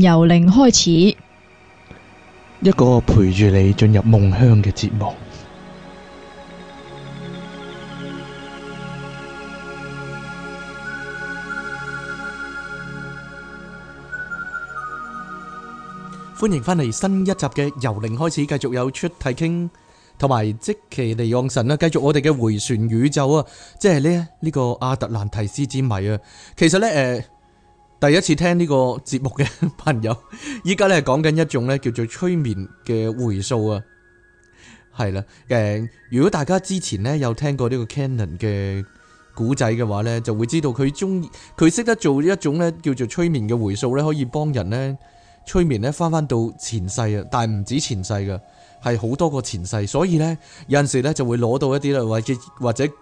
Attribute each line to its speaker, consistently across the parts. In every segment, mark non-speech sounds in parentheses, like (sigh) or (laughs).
Speaker 1: 由零開始，
Speaker 2: 一個陪住你進入夢鄉嘅節目。歡迎翻嚟新一集嘅由零開始，繼續有出題傾，同埋即其利昂神啦。繼續我哋嘅回旋宇宙啊，即係呢呢個阿特蘭提斯之謎啊。其實呢，誒。第一次聽呢個節目嘅朋友，依家咧係講緊一種咧叫做催眠嘅回數啊，係啦，誒，如果大家之前咧有聽過呢個 Canon 嘅古仔嘅話呢，就會知道佢中意，佢識得做一種咧叫做催眠嘅回數呢，可以幫人呢催眠咧翻翻到前世啊，但係唔止前世噶，係好多個前世，所以呢，有陣時咧就會攞到一啲咧，或者或者照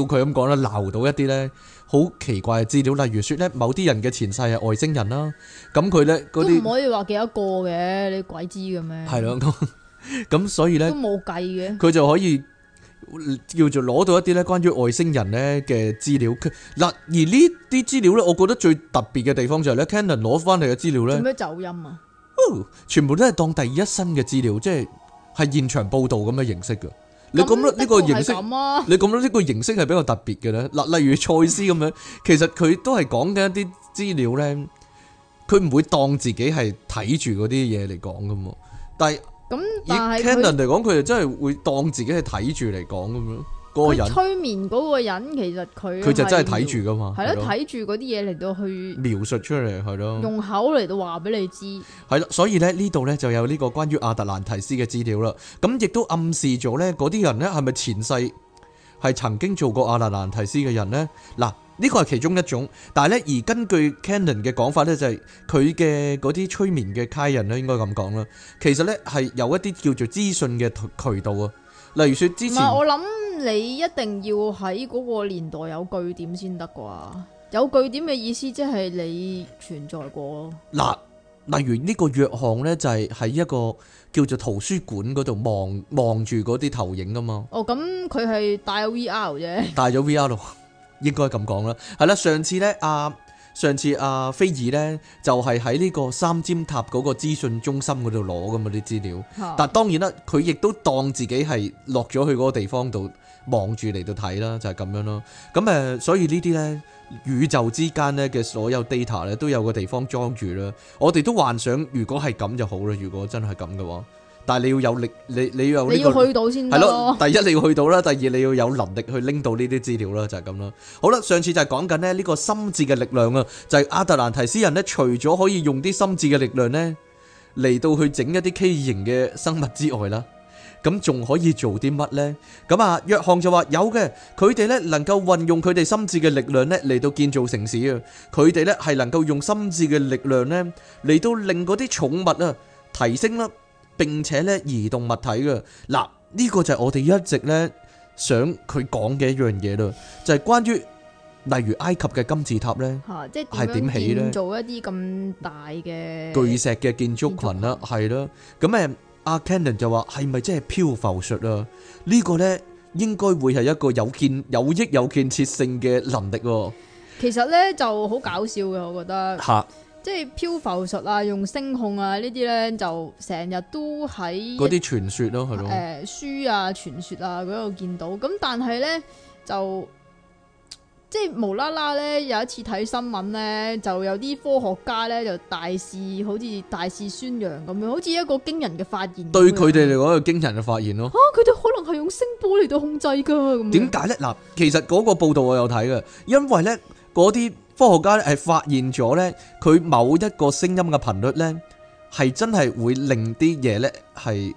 Speaker 2: 佢咁講咧，撈到一啲呢。好奇怪嘅資料，例如説咧，某啲人嘅前世係外星人啦，咁佢咧嗰啲都唔可
Speaker 1: 以話幾多個嘅，你鬼知嘅咩？係喇，
Speaker 2: 咁所以咧都
Speaker 1: 冇計嘅，佢
Speaker 2: 就可以叫做攞到一啲咧關於外星人咧嘅資料。嗱，而呢啲資料咧，我覺得最特別嘅地方就係咧，Cannon 攞翻嚟嘅資料咧，做
Speaker 1: 咩走音啊？
Speaker 2: 全部都係當第一身嘅資料，即係係現場報導咁嘅形式嘅。你咁樣呢個形式，你咁樣呢個形式係比較特別嘅咧。嗱，例如賽斯咁樣，其實佢都係講緊一啲資料咧，佢唔會當自己係睇住嗰啲嘢嚟講噶嘛。但
Speaker 1: 係，以 Canon 嚟
Speaker 2: 講，佢就真係會當自己係睇住嚟講咁樣。佢催
Speaker 1: 眠嗰個人，其實佢佢就真係睇住
Speaker 2: 噶嘛，係咯了，睇
Speaker 1: 住嗰啲嘢嚟到去
Speaker 2: 描述出嚟係咯，用
Speaker 1: 口嚟到話俾你知
Speaker 2: 係啦。所以咧，呢度咧就有呢個關於亞特蘭提斯嘅資料啦。咁亦都暗示咗咧，嗰啲人咧係咪前世係曾經做過亞特蘭提斯嘅人咧？嗱，呢個係其中一種，但係咧而根據 Cannon 嘅講法咧，就係佢嘅嗰啲催眠嘅 k e 人咧，應該咁講啦。其實咧，係有一啲叫做資訊嘅渠道啊，例如説之前我諗。
Speaker 1: 你一定要喺嗰個年代有據點先得啩？有據點嘅意思即係你存在過？
Speaker 2: 嗱，例如呢個約翰呢，就係喺一個叫做圖書館嗰度望望住嗰啲投影噶嘛。
Speaker 1: 哦，咁佢係戴有 VR 啫。
Speaker 2: 戴咗 VR，了 (laughs) 應該咁講啦。係啦，上次呢，阿、啊、上次阿、啊、菲兒呢，就係喺呢個三尖塔嗰個資訊中心嗰度攞噶嘛啲資料。的但係當然啦，佢亦都當自己係落咗去嗰個地方度。望住嚟到睇啦，就係咁樣咯。咁誒，所以呢啲呢，宇宙之間呢嘅所有 data 咧都有個地方裝住啦。我哋都幻想如果係咁就好啦。如果真係咁嘅話，但係你要有力，你你要呢個，你要去到先係咯。第一你要去到啦，第二你要有能力去拎到呢啲資料啦，就係咁啦。好啦，上次就係講緊咧呢個心智嘅力量啊，就係阿特蘭堤斯人呢，除咗可以用啲心智嘅力量呢嚟到去整一啲畸形嘅生物之外啦。咁仲可以做啲乜呢？咁啊，約翰就話有嘅，佢哋呢能夠運用佢哋心智嘅力量呢嚟到建造城市啊！佢哋呢係能夠用心智嘅力量呢嚟到令嗰啲寵物啊提升啦，並且呢移動物體嘅。嗱，呢個就係我哋一直呢想佢講嘅一樣嘢咯，就係關於例如埃及嘅金字塔呢，
Speaker 1: 即係點起呢？做一啲咁大嘅巨
Speaker 2: 石嘅建築群啦，係咯，咁誒。阿 Kenan 就話係咪真係漂浮術啊？呢、這個咧應該會係一個有建有益有建設性嘅能力。
Speaker 1: 其實咧就好搞笑嘅，我覺得。吓哈。即係漂浮術啊，用聲控啊，呢啲咧就成日都喺，嗰啲
Speaker 2: 傳說咯、啊，係咯。誒，
Speaker 1: 書啊，傳說啊，嗰度見到。咁但係咧就即係無啦啦咧，有一次睇新聞咧，就有啲科學家咧就大肆好似大肆宣揚咁樣，好似一個驚人嘅發現。對佢哋
Speaker 2: 嚟講，一個驚人嘅發現咯。
Speaker 1: 吓，佢哋可能係用聲波嚟到控制噶。點
Speaker 2: 解咧？嗱，其實嗰個報道我有睇嘅，因為咧嗰啲科學家咧係發現咗咧，佢某一個聲音嘅頻率咧係真係會令啲嘢咧係。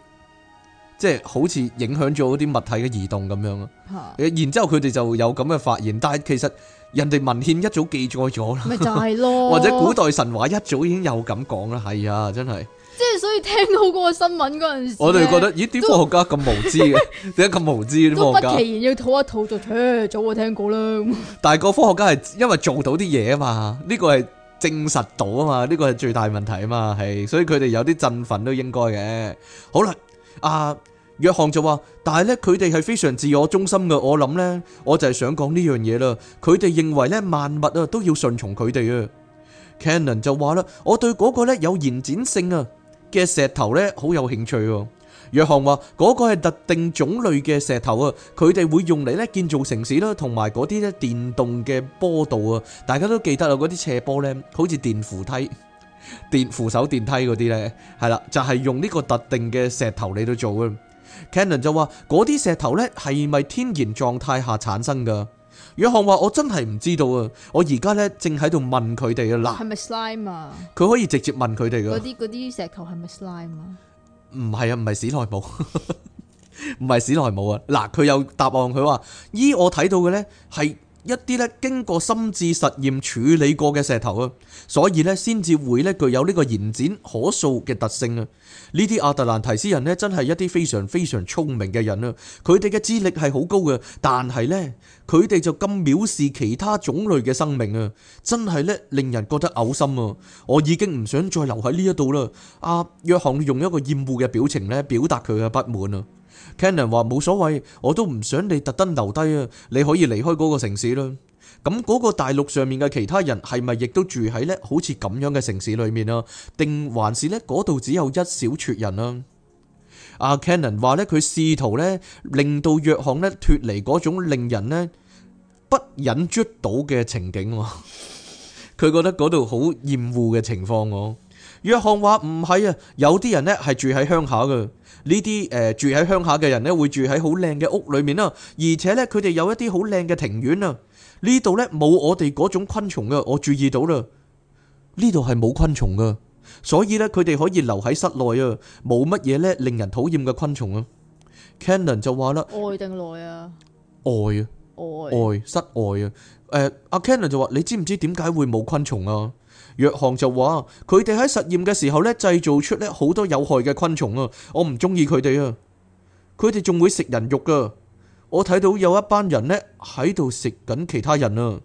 Speaker 2: 即係好似影響咗啲物體嘅移動咁樣咯，然之後佢哋就有咁嘅發現，但係其實人哋文獻一早記載咗啦，咪就係咯，或者古代神話一早已經有咁講啦，係啊，真係。
Speaker 1: 即係所以聽到嗰個新聞嗰陣時，我哋覺得咦
Speaker 2: 啲科學家咁無知嘅，點解咁無知嘅科學家？都不期然
Speaker 1: 要吐一吐就聽，早我聽過啦。
Speaker 2: 但係個科學家係因為做到啲嘢啊嘛，呢個係證實到啊嘛，呢個係最大問題啊嘛，係所以佢哋有啲振奮都應該嘅。好啦。啊，約翰就話，但係咧，佢哋係非常自我中心嘅。我諗咧，我就係想講呢樣嘢啦。佢哋認為咧，萬物啊都要順從佢哋啊。Cannon 就話啦，我對嗰個咧有延展性啊嘅石頭咧好有興趣。約翰話嗰個係特定種類嘅石頭啊，佢哋會用嚟咧建造城市啦，同埋嗰啲咧電動嘅坡道啊。大家都記得啊，嗰啲斜坡咧好似電扶梯。電扶手電梯嗰啲咧，係啦，就係、是、用呢個特定嘅石頭嚟到做嘅。Cannon 就話，嗰啲石頭咧係咪天然狀態下產生噶？約翰話，我真係唔知道啊！我而家咧正喺度問佢哋啊！嗱，係
Speaker 1: 咪 slime 啊？
Speaker 2: 佢可以直接問佢哋噶。嗰啲嗰啲
Speaker 1: 石頭係咪 slime
Speaker 2: 啊？唔係啊，唔係史萊姆，唔 (laughs) 係史萊姆啊！嗱，佢有答案，佢話咦，我睇到嘅咧係一啲咧經過心智實驗處理過嘅石頭啊，所以咧先至會咧具有呢個延展可塑嘅特性啊。呢啲阿特蘭提斯人咧真係一啲非常非常聰明嘅人啊，佢哋嘅智力係好高嘅，但係咧佢哋就咁藐視其他種類嘅生命啊，真係咧令人覺得嘔心啊！我已經唔想再留喺呢一度啦。阿約翰用一個厭惡嘅表情咧表達佢嘅不滿啊。Canon 話冇所謂，我都唔想你特登留低啊！你可以離開嗰個城市啦。咁嗰個大陸上面嘅其他人係咪亦都住喺呢好似咁樣嘅城市裏面啊？定還是呢嗰度只有一小撮人啊？阿 Canon 話呢，佢試圖呢令到約翰呢脫離嗰種令人呢不忍卒睹嘅情景。佢 (laughs) 覺得嗰度好厭惡嘅情況，啊。約翰話唔係啊，有啲人呢係住喺鄉下嘅。呢啲誒住喺鄉下嘅人咧，會住喺好靚嘅屋裏面啦，而且咧佢哋有一啲好靚嘅庭院啊。呢度咧冇我哋嗰種昆蟲嘅，我注意到啦，呢度係冇昆蟲嘅，所以咧佢哋可以留喺室內啊，冇乜嘢咧令人討厭嘅昆蟲啊。Cannon 就話啦，
Speaker 1: 外定內啊，
Speaker 2: 外啊，外室外啊，誒阿 Cannon 就話，你知唔知點解會冇昆蟲啊？約翰就話：佢哋喺實驗嘅時候咧，製造出咧好多有害嘅昆蟲啊！我唔中意佢哋啊！佢哋仲會食人肉噶！我睇到有一班人呢喺度食緊其他人啊！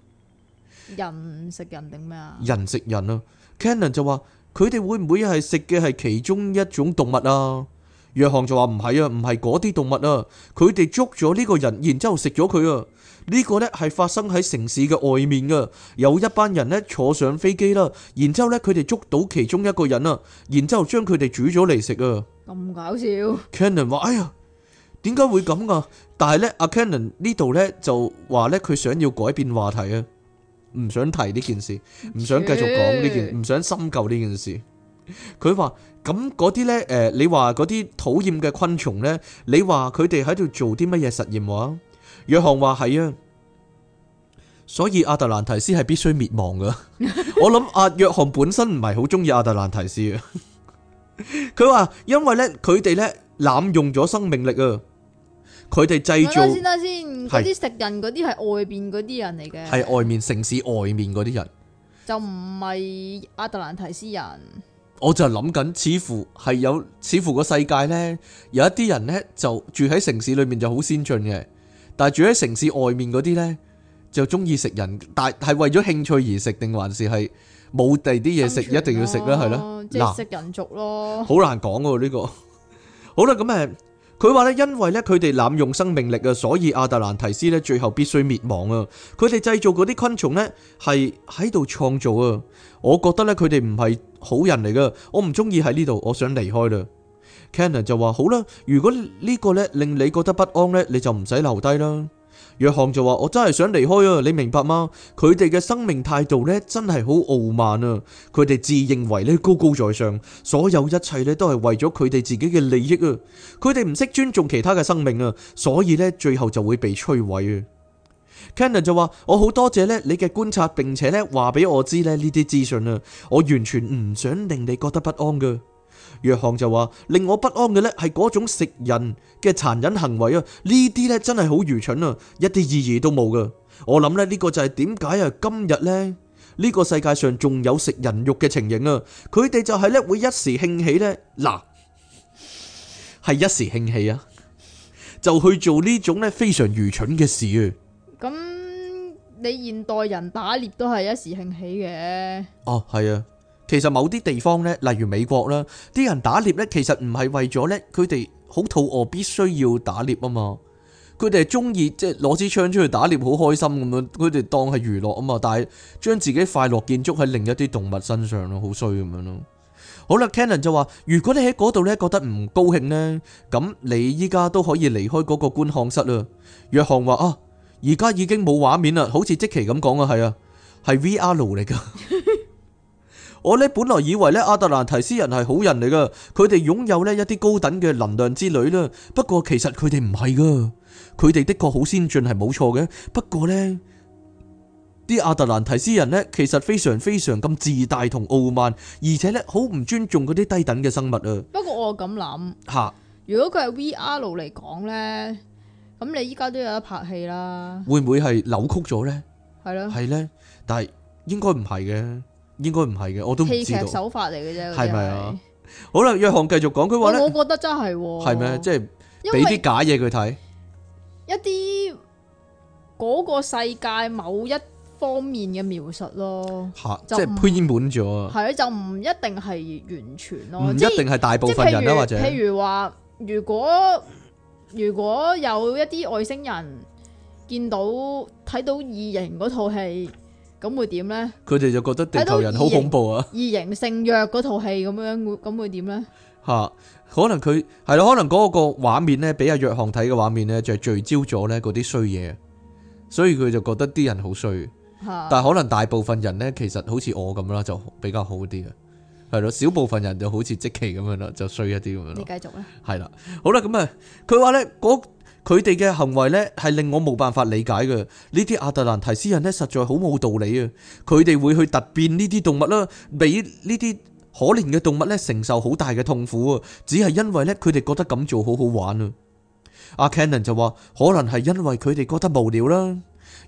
Speaker 1: 人食人定咩啊？
Speaker 2: 人食人啊！Cannon 就話：佢哋會唔會係食嘅係其中一種動物啊？約翰就話唔係啊，唔係嗰啲動物啊，佢哋捉咗呢個人，然之後食咗佢啊。呢、這個呢係發生喺城市嘅外面噶，有一班人呢坐上飛機啦，然之後咧佢哋捉到其中一個人啊，然之後將佢哋煮咗嚟食啊。
Speaker 1: 咁搞笑。
Speaker 2: Cannon 話：哎呀，點解會咁噶、啊？但係呢，阿 Cannon 呢度呢就話呢，佢想要改變話題啊，唔想提呢件事，唔想繼續講呢件，唔想深究呢件事。佢話咁嗰啲呢，誒、呃，你話嗰啲討厭嘅昆蟲呢？你話佢哋喺度做啲乜嘢實驗？話約翰話係啊，所以阿特蘭提斯係必須滅亡噶。 (laughs) 我諗阿、啊、約翰本身唔係好中意阿特蘭提斯啊。佢 (laughs) 話因為呢，佢哋呢濫用咗生命力啊，佢哋製造先得
Speaker 1: 先嗰啲食人嗰啲係外邊嗰啲人嚟嘅，係外面，
Speaker 2: 外面城市外面嗰啲人
Speaker 1: 就唔係阿特蘭提斯人。
Speaker 2: 我就諗緊，似乎係有，似乎個世界呢，有一啲人呢，就住喺城市裏面就好先進嘅，但係住喺城市外面嗰啲呢，就中意食人，但係為咗興趣而食定還是係冇第啲嘢食一定要食啦，係咯，即，食
Speaker 1: 人族咯，好難
Speaker 2: 講喎呢個。 (laughs) 好啦，咁誒。佢話咧，因為咧，佢哋濫用生命力啊，所以亞特蘭提斯咧，最後必須滅亡啊！佢哋製造嗰啲昆蟲咧，係喺度創造啊！我覺得咧，佢哋唔係好人嚟噶，我唔中意喺呢度，我想離開啦。Cannon 就話好啦，如果呢個咧令你覺得不安咧，你就唔使留低啦。約翰就話：我真係想離開啊！你明白嗎？佢哋嘅生命態度咧，真係好傲慢啊！佢哋自認為咧高高在上，所有一切咧都係為咗佢哋自己嘅利益啊！佢哋唔識尊重其他嘅生命啊，所以咧最後就會被摧毀啊！Kenan 就話：我好多謝咧你嘅觀察，並且咧話俾我知咧呢啲資訊啊！我完全唔想令你覺得不安㗎。約翰就話，令我不安嘅呢係嗰種食人嘅殘忍行為啊，呢啲呢真係好愚蠢啊，一啲意義都冇噶。我諗呢呢個就係點解啊，今日呢，呢個世界上仲有食人肉嘅情形啊，佢哋就係呢會一時興起呢，嗱，係一時興起啊，就去做呢種呢非常愚蠢嘅事啊。
Speaker 1: 咁你現代人打獵都係一時興起嘅？
Speaker 2: 哦，係啊。其實某啲地方咧，例如美國啦，啲人打獵呢，其實唔係為咗呢。佢哋好肚餓，必須要打獵啊嘛。佢哋係中意即係攞支槍出去打獵，好開心咁樣，佢哋當係娛樂啊嘛。但係將自己快樂建築喺另一啲動物身上咯，好衰咁樣咯。好啦，Cannon 就話：如果你喺嗰度咧覺得唔高興呢，咁你依家都可以離開嗰個觀看室啦。約翰話：啊，而家已經冇畫面啦，好似即奇咁講啊，係啊，係 VR 路嚟噶。我呢本來以為呢阿特蘭提斯人係好人嚟噶，佢哋擁有呢一啲高等嘅能量之類啦。不過其實佢哋唔係噶，佢哋的確好先進係冇錯嘅。不過呢啲阿特蘭提斯人呢，其實非常非常咁自大同傲慢，而且呢好唔尊重嗰啲低等嘅生物啊。
Speaker 1: 不過我咁諗，吓下，如果佢係 VR 嚟講呢，咁你依家都有得拍戲啦，
Speaker 2: 會唔會係扭曲咗呢？係
Speaker 1: 咯的，係
Speaker 2: 呢，但係應該唔係嘅。應該唔係嘅，我都。戲劇手
Speaker 1: 法嚟嘅啫，係咪啊？
Speaker 2: (noise) 好啦，約翰繼續講，佢話咧，我覺
Speaker 1: 得真係，係咩？即係俾啲假嘢佢睇，一啲嗰個世界某一方面嘅描述咯，吓哈，不即係偏
Speaker 2: 滿咗。係啊，
Speaker 1: 就唔一定係完全咯，唔一定係大部分人啊，即如或者譬如話，如果如果有一啲外星人見到睇到異形嗰套戲。咁會點
Speaker 2: 呢？佢哋就覺得地球人好恐怖啊異！
Speaker 1: 異形聖約嗰套戲咁樣，會咁會點咧？
Speaker 2: 吓、啊，可能佢係咯，可能嗰個畫面呢，比阿若航睇嘅畫面呢，就聚焦咗呢嗰啲衰嘢，所以佢就覺得啲人好衰。啊、但係可能大部分人呢，其實好似我咁啦，就比較好啲嘅。係、啊、咯，小部分人就好似即奇咁樣啦，就衰一啲咁樣咯。你繼續啦。係啦、嗯，好啦，咁、嗯、啊，佢話呢。佢哋嘅行為呢，係令我冇辦法理解嘅，呢啲亞特蘭提斯人呢，實在好冇道理啊！佢哋會去突變呢啲動物啦，俾呢啲可憐嘅動物呢承受好大嘅痛苦啊！只係因為呢，佢哋覺得咁做好好玩啊！阿 Cannon 就話可能係因為佢哋覺得無聊啦。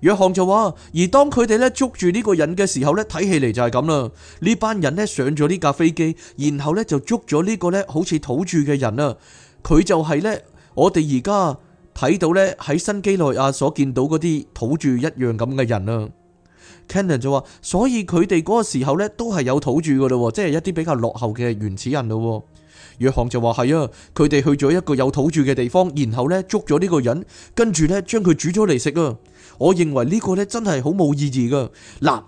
Speaker 2: 約翰就話而當佢哋呢捉住呢個人嘅時候呢，睇起嚟就係咁啦。呢班人呢，上咗呢架飛機，然後呢，就捉咗呢個呢好似土著嘅人啊！佢就係呢，我哋而家。睇到咧喺新幾內亞所見到嗰啲土著一樣咁嘅人啊，Cannon 就話：所以佢哋嗰個時候咧都係有土著噶咯，即係一啲比較落後嘅原始人咯。約翰就話：係啊，佢哋去咗一個有土著嘅地方，然後咧捉咗呢個人，跟住咧將佢煮咗嚟食。啊。我認為個呢個咧真係好冇意義噶。嗱，呢、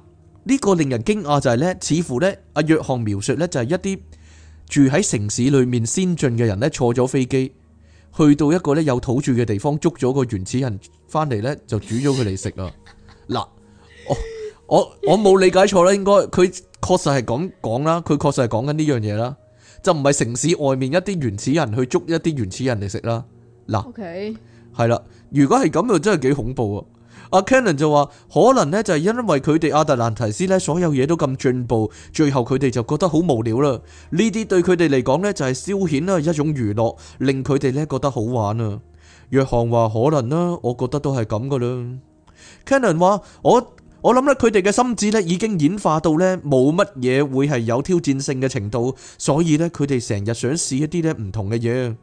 Speaker 2: 呢個令人驚訝就係、是、咧，似乎咧阿約翰描述咧就係一啲住喺城市裏面先進嘅人咧坐咗飛機。去到一個咧有土著嘅地方，捉咗個原始人翻嚟咧，就煮咗佢嚟食啊！嗱， (laughs) 我我我冇理解錯啦，應該佢確實係咁講啦，佢確實係講緊呢樣嘢啦，就唔係城市外面一啲原始人去捉一啲原始人嚟食啦。嗱，係啦 Okay.，如果係咁就真係幾恐怖啊！阿 Cannon 就話：可能呢就係因為佢哋阿特蘭提斯呢所有嘢都咁進步，最後佢哋就覺得好無聊啦。呢啲對佢哋嚟講呢，就係消遣啦，一種娛樂，令佢哋呢覺得好玩啊。約翰話：可能啦，我覺得都係咁噶啦。Cannon 話：我我諗咧佢哋嘅心智呢已經演化到呢冇乜嘢會係有挑戰性嘅程度，所以呢，佢哋成日想試一啲呢唔同嘅嘢。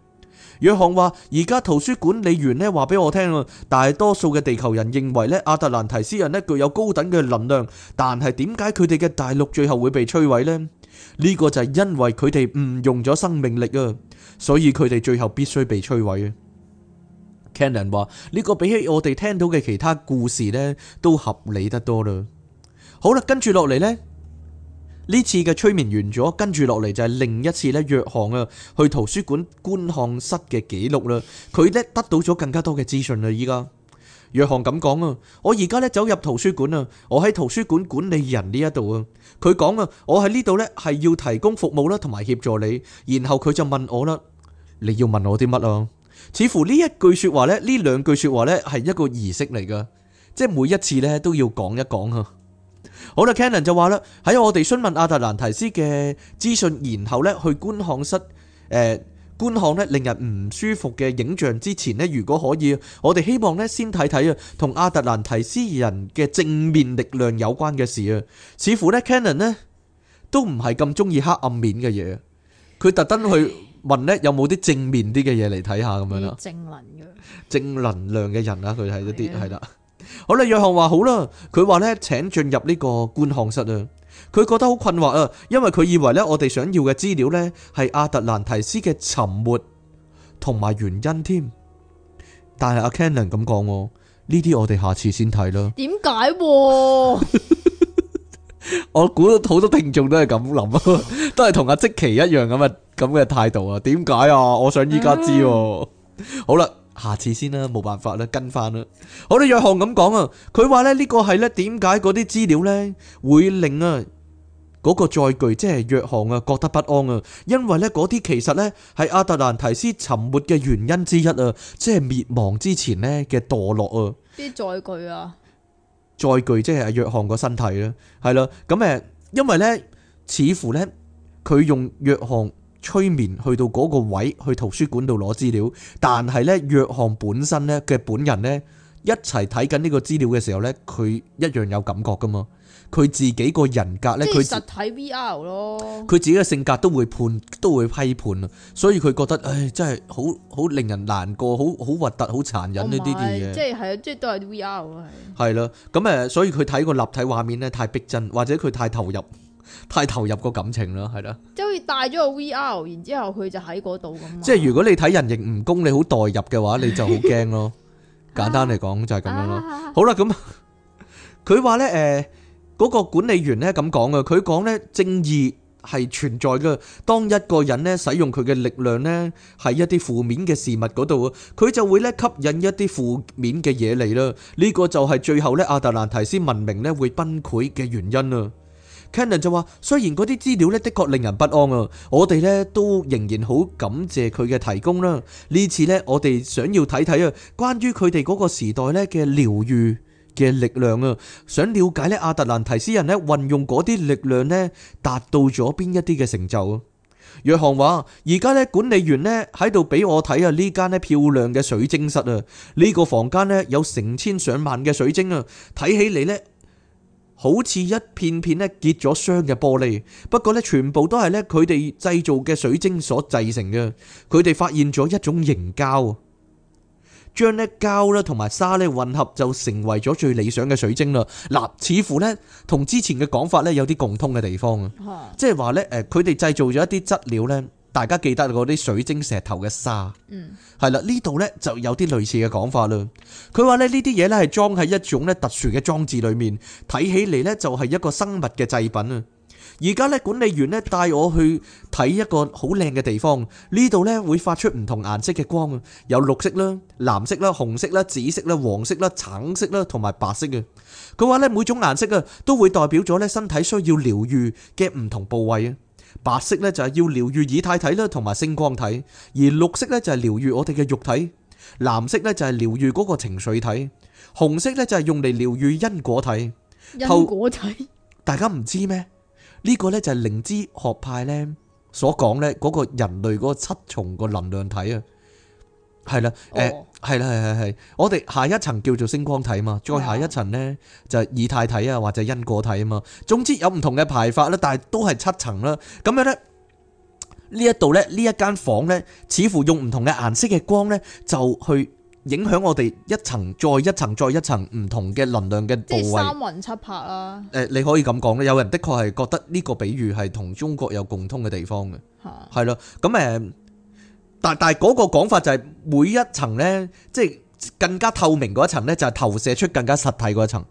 Speaker 2: 約翰話：而家圖書管理員呢話俾我聽啊，大多數嘅地球人認為呢，阿特蘭堤斯人呢具有高等嘅能量，但係點解佢哋嘅大陸最後會被摧毀呢？呢個就係因為佢哋誤用咗生命力啊，所以佢哋最後必須被摧毀啊。Cannon 話：呢個比起我哋聽到嘅其他故事呢，都合理得多啦。好啦，跟住落嚟呢。呢次嘅催眠完咗，跟住落嚟就係另一次咧。約翰啊，去圖書館觀看室嘅記錄啦。佢咧得到咗更加多嘅資訊啦。依家約翰咁講啊，我而家咧走入圖書館啊，我喺圖書館管理人呢一度啊。佢講啊，我喺呢度咧係要提供服務啦，同埋協助你。然後佢就問我啦，你要問我啲乜啊？似乎呢一句說話咧，呢兩句說話咧係一個儀式嚟噶，即係每一次咧都要講一講啊。好啦，Cannon 就話啦，喺我哋詢問亞特蘭提斯嘅資訊，然後咧去觀看室，誒、呃、觀看咧令人唔舒服嘅影像之前咧，如果可以，我哋希望咧先睇睇啊，同亞特蘭提斯人嘅正面力量有關嘅事啊。似乎咧，Cannon 咧都唔係咁中意黑暗面嘅嘢，佢特登去問咧有冇啲正面啲嘅嘢嚟睇下咁樣啦。正能，正能量嘅人啊，佢係一啲係啦。的好啦約翰話好啦，佢話咧請進入呢個觀看室啊，佢覺得好困惑啊，因為佢以為咧我哋想要嘅資料咧係阿特蘭提斯嘅沉沒同埋原因添，但係阿 Kenan 咁講哦，呢啲我哋下次先睇啦。
Speaker 1: 點解、啊？
Speaker 2: (laughs) 我估到好多聽眾都係咁諗啊，都係同阿積奇一樣咁啊咁嘅態度啊？點解啊？我想依家知、啊。啊、好啦。下次先啦，冇辦法啦，跟翻啦。好啦，約翰咁講啊，佢話咧呢個係咧點解嗰啲資料咧會令啊嗰個載具即係約翰啊覺得不安啊，因為咧嗰啲其實咧係阿特蘭堤斯沉沒嘅原因之一啊，即係滅亡之前咧嘅墮落啊。
Speaker 1: 啲載具啊，
Speaker 2: 載具即係約翰個身體啦，係啦，咁誒，因為咧似乎咧佢用約翰。催眠去到嗰個位，去圖書館度攞資料，但係呢，約翰本身呢，嘅本人呢，一齊睇緊呢個資料嘅時候呢，佢一樣有感覺噶嘛，佢自己個人格呢，佢即
Speaker 1: 係實體 VR 咯，佢
Speaker 2: 自己嘅性格都會判，都會批判啊，所以佢覺得，唉，真係好好令人難過，好好核突，好殘忍呢啲啲嘢，即
Speaker 1: 係即係都係 VR 啊，係
Speaker 2: 係啦，咁誒、嗯，所以佢睇個立體畫面呢，太逼真，或者佢太投入。太投入個感情咯，係啦，
Speaker 1: 即係好似戴咗個 VR，然之後佢就喺嗰度咁。即係
Speaker 2: 如果你睇人形蜈蚣，你好代入嘅話，你就好驚咯。簡單嚟講就係咁樣咯。好啦，咁佢話呢，誒，嗰個管理員呢咁講嘅，佢講呢，正義係存在嘅。當一個人呢使用佢嘅力量呢喺一啲負面嘅事物嗰度，佢就會呢吸引一啲負面嘅嘢嚟啦。呢個就係最後呢亞特蘭提斯文明呢會崩潰嘅原因啊！Canon 就話：雖然嗰啲資料呢的確令人不安啊！我哋呢都仍然好感謝佢嘅提供啦。呢次呢，我哋想要睇睇啊，關於佢哋嗰個時代呢嘅療愈嘅力量啊，想了解呢亞特蘭提斯人呢運用嗰啲力量呢達到咗邊一啲嘅成就啊。約翰話：而家呢管理員呢喺度俾我睇啊，呢間呢漂亮嘅水晶室啊，呢、呢個房間呢有成千上萬嘅水晶啊，睇起嚟呢。好似一片片咧結咗霜嘅玻璃，不過咧全部都係咧佢哋製造嘅水晶所製成嘅。佢哋發現咗一種凝膠，將咧膠啦同埋沙咧混合就成為咗最理想嘅水晶啦。嗱、呃，似乎咧同之前嘅講法咧有啲共通嘅地方啊，即係話咧誒，佢哋製造咗一啲質料咧。大家記得嗰啲水晶石頭嘅沙，係啦、嗯，呢度呢就有啲類似嘅講法啦。佢話呢呢啲嘢呢係裝喺一種咧特殊嘅裝置裏面，睇起嚟呢就係一個生物嘅製品啊。而家呢，管理員呢帶我去睇一個好靚嘅地方，呢度呢會發出唔同顏色嘅光啊，有綠色啦、藍色啦、紅色啦、紫色啦、黃色啦、橙色啦同埋白色啊。佢話呢，每種顏色啊都會代表咗呢身體需要療愈嘅唔同部位啊。白色咧就係要療愈以太體啦，同埋星光體；而綠色咧就係療愈我哋嘅肉體，藍色咧就係療愈嗰個情緒體，紅色咧就係用嚟療愈因果體。因果體，大家唔知咩？呢個咧就係靈知學派咧所講咧嗰個人類嗰個七重個能量體啊，係啦，誒。係啦，係係係，我哋下一層叫做星光體嘛，再下一層呢就係以太體啊，或者因果體啊嘛。總之有唔同嘅排法啦，但係都係七層啦。咁樣呢，呢一度呢，呢一間房呢，似乎用唔同嘅顏色嘅光呢，就去影響我哋一層再一層再一層唔同嘅能量嘅部位。三魂七魄啦。誒、呃，你可以咁講咧，有人的確係覺得呢個比喻係同中國有共通嘅地方嘅。吓的。係咯，咁誒。呃但但係嗰個講法就係每一層咧，即係更加透明嗰層咧，就係、是、投射出更加實體嗰一層。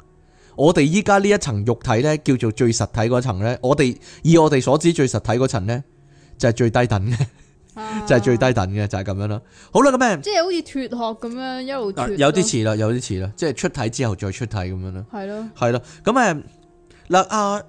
Speaker 2: 我哋依家呢一層肉體咧，叫做最實體嗰層咧。我哋以我哋所知最實體嗰層咧，就係、是、最低等嘅，啊、
Speaker 1: (laughs) 就係最
Speaker 2: 低等嘅，就係、是、咁樣咯。好啦，咁誒、啊，即
Speaker 1: 係好似脫殼咁樣一路脫，有啲似
Speaker 2: 啦，有啲似啦，即係出體之後再出體咁樣啦。係咯對了，係咯，咁誒嗱阿。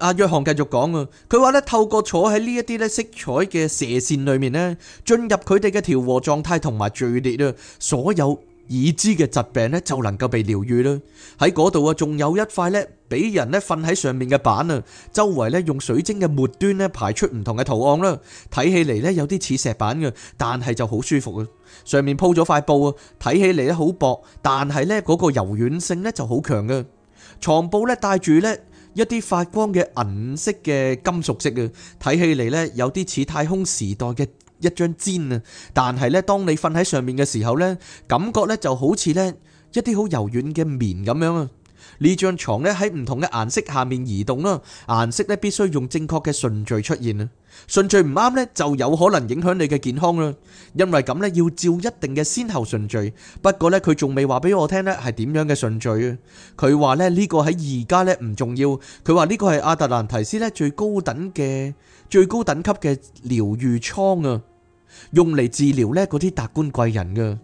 Speaker 2: 阿約翰繼續講啊，佢話咧透過坐喺呢一啲咧色彩嘅射線裏面咧，進入佢哋嘅調和狀態同埋序列啊，所有已知嘅疾病咧就能夠被療癒啦。喺嗰度啊，仲有一塊咧俾人咧瞓喺上面嘅板啊，周圍咧用水晶嘅末端咧排出唔同嘅圖案啦，睇起嚟咧有啲似石板嘅，但係就好舒服啊。上面鋪咗塊布啊，睇起嚟咧好薄，但係咧嗰個柔軟性咧就好強噶。床布咧帶住咧。一啲發光嘅銀色嘅金屬色嘅，睇起嚟呢有啲似太空時代嘅一張氈啊！但係呢，當你瞓喺上面嘅時候呢，感覺呢就好似呢一啲好柔軟嘅棉咁樣啊！呢張床呢喺唔同嘅顏色下面移動啦，顏色呢必須用正確嘅順序出現啊！順序唔啱呢，就有可能影響你嘅健康啦。因為咁呢，要照一定嘅先後順序。不過呢，佢仲未話俾我聽呢係點樣嘅順序啊。佢話呢，呢個喺而家呢唔重要。佢話呢個係阿特蘭提斯呢最高等嘅最高等級嘅療愈艙啊，用嚟治療呢嗰啲達官貴人噶。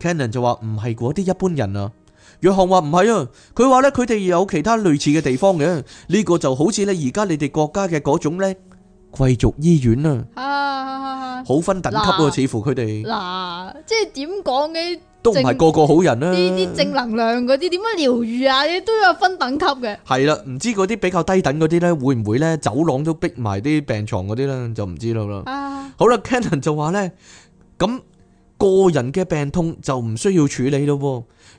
Speaker 2: Cannon 就話唔係嗰啲一般人啊。約翰話唔係啊，佢話呢，佢哋有其他類似嘅地方嘅。呢個就好似你而家你哋國家嘅嗰種呢。貴族醫院啊，
Speaker 1: 好分等級喎，似
Speaker 2: 乎佢哋嗱，
Speaker 1: 即係點講嘅，都唔係個個
Speaker 2: 好人啦。呢啲
Speaker 1: 正能量嗰啲，點樣療愈啊？你都要分等級嘅。
Speaker 2: 係啦，唔知嗰啲比較低等嗰啲咧，會唔會咧走廊都逼埋啲病床嗰啲咧？就唔知啦啦。好啦，Cannon 就話咧，咁個人嘅病痛就唔需要處理咯。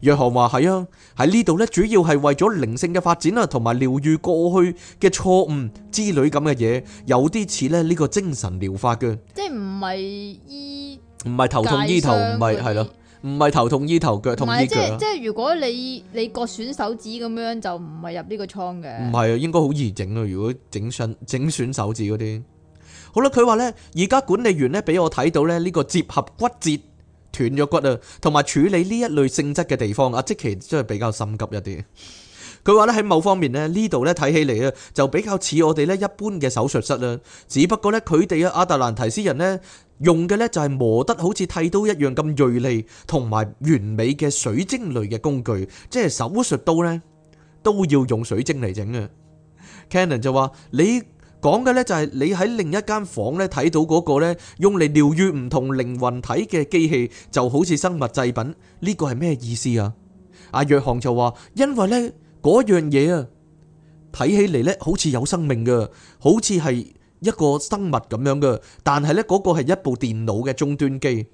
Speaker 2: 約翰話係啊，喺呢度咧，主要係為咗靈性嘅發展啊，同埋療愈過去嘅錯誤之類咁嘅嘢，有啲似咧呢個精神療法嘅，
Speaker 1: 即係唔係醫
Speaker 2: 唔係頭痛醫頭，唔係係咯，唔係頭痛醫頭，腳痛是醫腳。即係即
Speaker 1: 係，如果你你割損手指咁樣，就唔係入呢個倉嘅。唔
Speaker 2: 係啊，應該好易整啊，如果整損整損手指嗰啲，好啦，啊，佢話咧，而家管理員咧俾我睇到咧呢個接合骨折。斷咗骨啊，同埋處理呢一類性質嘅地方啊，即其真係比較心急一啲。佢話咧，喺某方面咧，呢度咧睇起嚟啊，就比較似我哋咧一般嘅手術室啦。只不過咧，佢哋啊阿特蘭堤斯人咧用嘅咧就係磨得好似剃刀一樣咁鋭利同埋完美嘅水晶類嘅工具，即係手術刀咧都要用水晶嚟整啊。Cannon 就話你。講嘅咧就係你喺另一間房咧睇到嗰個咧用嚟療癒唔同靈魂體嘅機器，就好似生物製品，呢個係咩意思啊？阿約翰就話，因為咧嗰樣嘢啊，睇起嚟咧好似有生命嘅，好似係一個生物咁樣嘅，但係咧嗰個係一部電腦嘅終端機，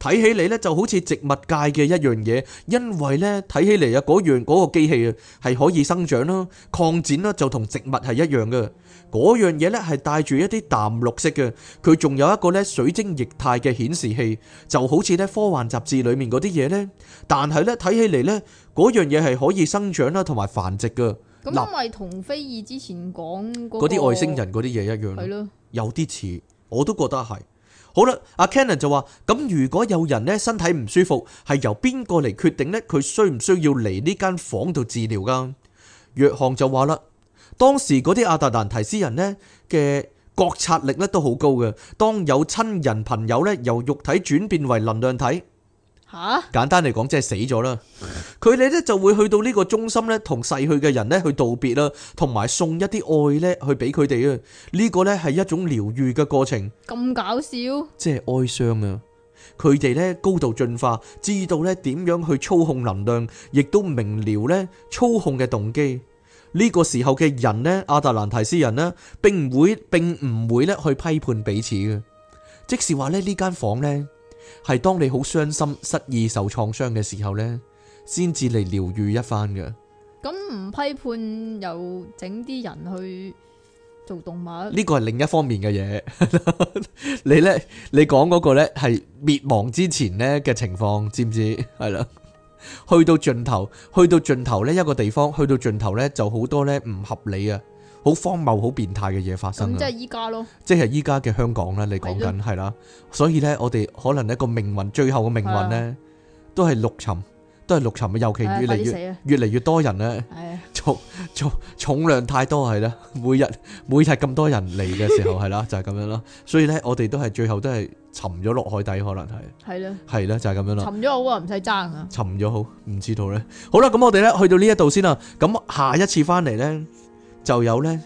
Speaker 2: 睇起嚟咧就好似植物界嘅一樣嘢，因為咧睇起嚟啊嗰樣嗰個機器啊係可以生長啦、擴展啦，就同植物係一樣嘅。嗰樣嘢咧係帶住一啲淡綠色嘅，佢仲有一個咧水晶液態嘅顯示器，就好似咧科幻雜誌裏面嗰啲嘢咧。但係咧睇起嚟咧，嗰樣嘢係可以生長啦，同埋繁殖噶。
Speaker 1: 咁咪同菲爾之前講嗰啲外星人
Speaker 2: 嗰啲嘢一樣。係咯，有啲似，我都覺得係。好啦，阿 Cannon 就話：咁如果有人咧身體唔舒服，係由邊個嚟決定咧？佢需唔需要嚟呢間房度治療噶？約翰就話啦。當時嗰啲阿特蘭堤斯人咧嘅覺察力咧都好高嘅，當有親人朋友咧由肉體轉變為能量體，
Speaker 1: 吓，
Speaker 2: 簡單嚟講即係死咗啦。佢哋咧就會去到呢個中心咧，同逝去嘅人咧去道別啦，同埋送一啲愛咧去俾佢哋啊。呢個咧係一種療癒嘅過程。
Speaker 1: 咁搞笑，
Speaker 2: 即係哀傷啊！佢哋咧高度進化，知道咧點樣去操控能量，亦都明了咧操控嘅動機。呢個時候嘅人呢，阿特蘭堤斯人呢，並唔會並唔會咧去批判彼此嘅，即是話咧呢間房呢，係當你好傷心、失意、受創傷嘅時候呢，先至嚟療愈一番嘅。
Speaker 1: 咁唔批判又整啲人去做動物？呢個係
Speaker 2: 另一方面嘅嘢。 (laughs) 你咧，你講嗰個呢，係滅亡之前呢嘅情況，知唔知？係啦。去到盡頭，去到盡頭呢一個地方，去到盡頭呢就好多呢唔合理啊，好荒謬、好變態嘅嘢發生。即係
Speaker 1: 依家咯，
Speaker 2: 即係依家嘅香港啦，你講緊係啦，所以呢，我哋可能一個命運最後嘅命運呢，都係六沉。都係陸沉嘅，尤其越嚟越越嚟越多人咧，重重重量太多係啦，每日每日咁多人嚟嘅時候係啦，就係咁樣啦。所以咧，我哋都係最後都係沉咗落海底，可能係係啦，係啦，就係咁樣啦。沉
Speaker 1: 咗好啊，唔使爭
Speaker 2: 啊。沉咗好，唔知道咧。好啦，咁我哋咧去到呢一度先啦。咁下一次翻嚟咧，就有咧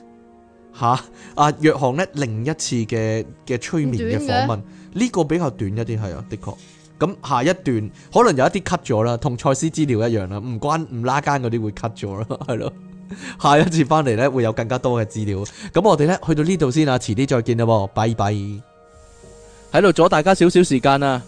Speaker 2: 吓啊約翰咧，另一次嘅嘅催眠嘅訪問，呢個比較短一啲係啊，的確。咁下一段可能有一啲 cut 咗啦，同賽斯資料一樣啦，唔關唔拉更嗰啲會 cut 咗啦，係咯。 (laughs) 下一次翻嚟呢，會有更加多嘅資料。咁我哋呢，去到呢度先啊，遲啲再見啦，拜拜，喺度阻大家少少時間啊。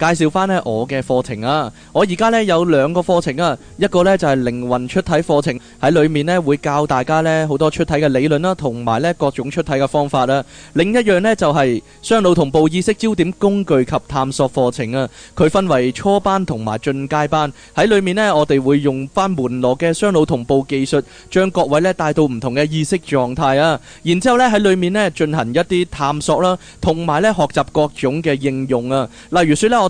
Speaker 2: 介紹翻呢我嘅課程啊！我而家呢有兩個課程啊，一個呢就係靈魂出體課程，喺裏面呢會教大家呢好多出體嘅理論啦，同埋呢各種出體嘅方法啊。另一樣呢就係雙腦同步意識焦點工具及探索課程啊。佢分為初班同埋進階班，喺裏面呢我哋會用翻門羅嘅雙腦同步技術，將各位呢帶到唔同嘅意識狀態啊。然之後呢喺裏面呢進行一啲探索啦，同埋呢學習各種嘅應用啊。例如説呢我，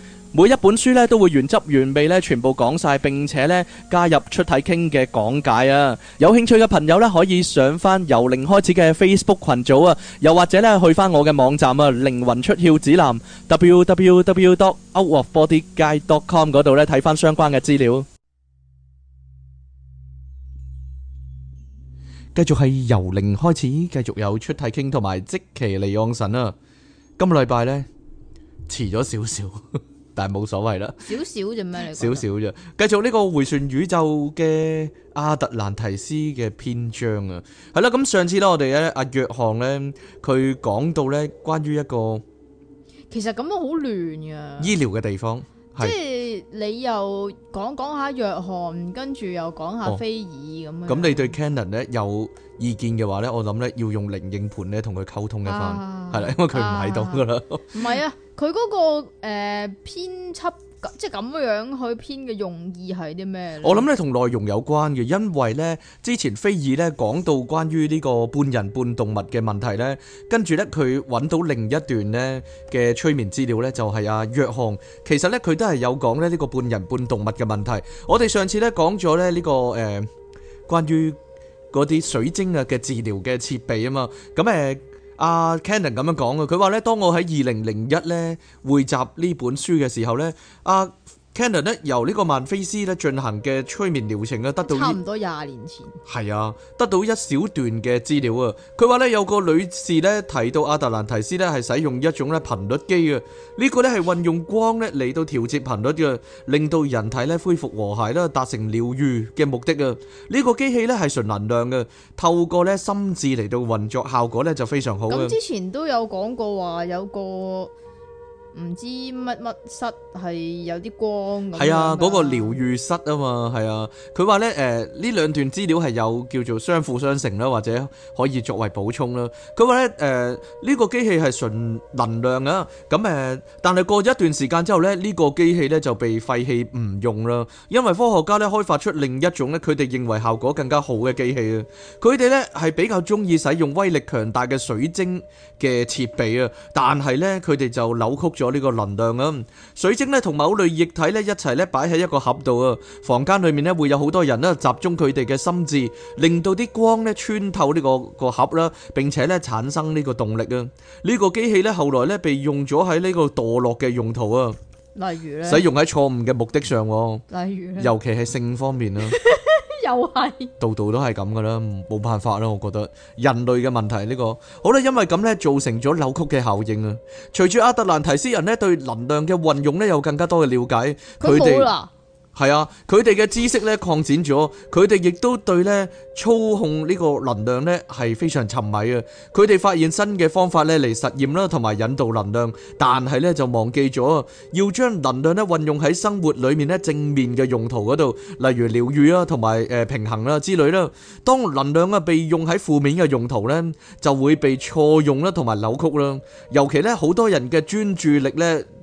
Speaker 2: 每一本書咧都會原汁原味咧全部講晒，並且咧加入出體傾嘅講解啊！有興趣嘅朋友咧可以上翻由零開始嘅 Facebook 群組啊，又或者咧去翻我嘅網站啊，靈魂出竅指南 www.outofbodyguide.com 嗰度咧，睇翻相關嘅資料。繼續係由零開始，繼續有出體傾同埋即期利盎神啊！今個禮拜咧遲咗少少。 (laughs) 但係冇所謂啦，少
Speaker 1: 少啫咩嚟？你少
Speaker 2: 少啫，繼續呢個回旋宇宙嘅阿特蘭提斯嘅篇章啊，係啦。咁上次咧，我哋咧阿約翰咧，佢講到咧關於一個，
Speaker 1: 其實咁樣好亂啊，
Speaker 2: 醫療嘅地方。是即係
Speaker 1: 你又講講下約翰，跟住又講下菲爾咁、哦、樣。咁你
Speaker 2: 對 Canon 咧有意見嘅話咧，我諗咧要用靈應盤咧同佢溝通一番，係啦、啊，因為佢唔喺度噶啦。唔係
Speaker 1: 啊，佢嗰、 (laughs) 啊那個誒、呃、編輯。即係咁樣去編嘅用意係啲咩？我諗
Speaker 2: 咧同內容有關嘅，因為呢之前菲爾呢講到關於呢個半人半動物嘅問題呢跟住呢，佢揾到另一段呢嘅催眠資料呢就係阿約翰，其實呢，佢都係有講咧呢個半人半動物嘅問題。我哋上次呢講咗呢呢個誒、呃、關於嗰啲水晶啊嘅治療嘅設備啊嘛，咁、嗯、誒。呃阿 Cannon 咁樣講嘅，佢話咧：當我喺二零零一咧匯集呢本書嘅時候咧，阿、啊 Cannon 咧由呢個曼菲斯咧進行嘅催眠療程啊，得到差唔
Speaker 1: 多廿年前，
Speaker 2: 係啊，得到一小段嘅資料啊。佢話咧有個女士咧提到阿特蘭提斯咧係使用一種咧頻率機嘅，呢個咧係運用光咧嚟到調節頻率嘅，令到人體咧恢復和諧啦，達成療愈嘅目的啊。呢個機器咧係純能量嘅，透過咧心智嚟到運作，效果咧就非常好嘅。之
Speaker 1: 前都有講過話有個，唔知乜乜室，係有啲光咁，係啊、嗰個
Speaker 2: 療愈室啊嘛，係啊，佢話咧誒呢兩、呃、段資料係有叫做相輔相成啦，或者可以作為補充啦。佢話咧誒呢、呃，這個機器係純能量啊，咁誒但係過咗一段時間之後咧呢、這個機器咧就被廢棄唔用啦，因為科學家咧開發出另一種咧佢哋認為效果更加好嘅機器啊，佢哋咧係比較中意使用威力強大嘅水晶嘅設備啊，但係咧佢哋就扭曲。咗呢個能量啊，水晶咧同某類液體咧一齊咧擺喺一個盒度啊，房間裏面咧會有好多人咧集中佢哋嘅心智，令到啲光咧穿透呢個個盒啦，並且咧產生呢個動力啊。呢個機器咧後來咧被用咗喺呢個墮落嘅用途啊，例如
Speaker 1: 咧，使用
Speaker 2: 喺錯誤嘅目的上，例如
Speaker 1: 咧，尤其
Speaker 2: 係性方面啦。
Speaker 1: 又係，
Speaker 2: 度度都係咁噶啦，冇辦法啦，我覺得人類嘅問題呢個，好啦，因為咁呢，造成咗扭曲嘅效應啊。隨住阿特蘭堤斯人呢對能量嘅運用呢有更加多嘅了解，佢哋。係啊，佢哋嘅知識咧擴展咗，佢哋亦都對咧操控呢個能量咧係非常沉迷啊。佢哋發現新嘅方法咧嚟實驗啦，同埋引導能量，但係咧就忘記咗要將能量咧運用喺生活裡面咧正面嘅用途嗰度，例如療愈啊，同埋誒平衡啦之類啦。當能量啊被用喺負面嘅用途咧，就會被錯用啦，同埋扭曲啦。尤其咧好多人嘅專注力咧。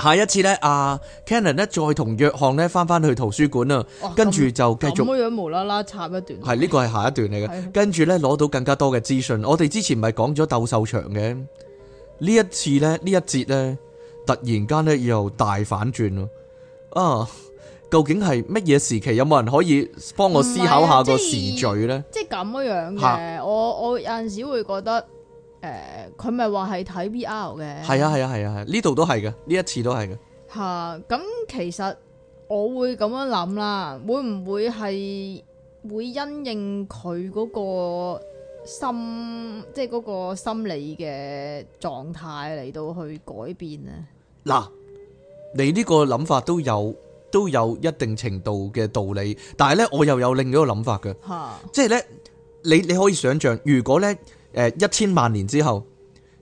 Speaker 2: 下一次咧，阿 Canon 咧再同約翰咧翻翻去圖書館啊，跟住就繼續咁
Speaker 1: 樣無啦啦插一段。係呢、呢
Speaker 2: 個係下一段嚟嘅，的跟住咧攞到更加多嘅資訊。我哋之前咪講咗鬥獸場嘅呢一次咧，呢一節咧突然間咧又大反轉咯。啊，究竟係乜嘢時期？有冇人可以幫我思考下個、啊、是時序咧？
Speaker 1: 即係咁樣嘅、啊，我我有陣時會覺得。誒，佢咪話係睇 VR 嘅？係啊，係
Speaker 2: 啊，係啊，係，呢度都係嘅，呢一次都係嘅。
Speaker 1: 吓、啊，咁其實我會咁樣諗啦，會唔會係會因應佢嗰個心，即係嗰個心理嘅狀態嚟到去改變呢？
Speaker 2: 嗱，你呢個諗法都有都有一定程度嘅道理，但係呢，我又有另一個諗法嘅，吓、啊，即係呢，你你可以想象，如果呢。誒、呃，一千萬年之後，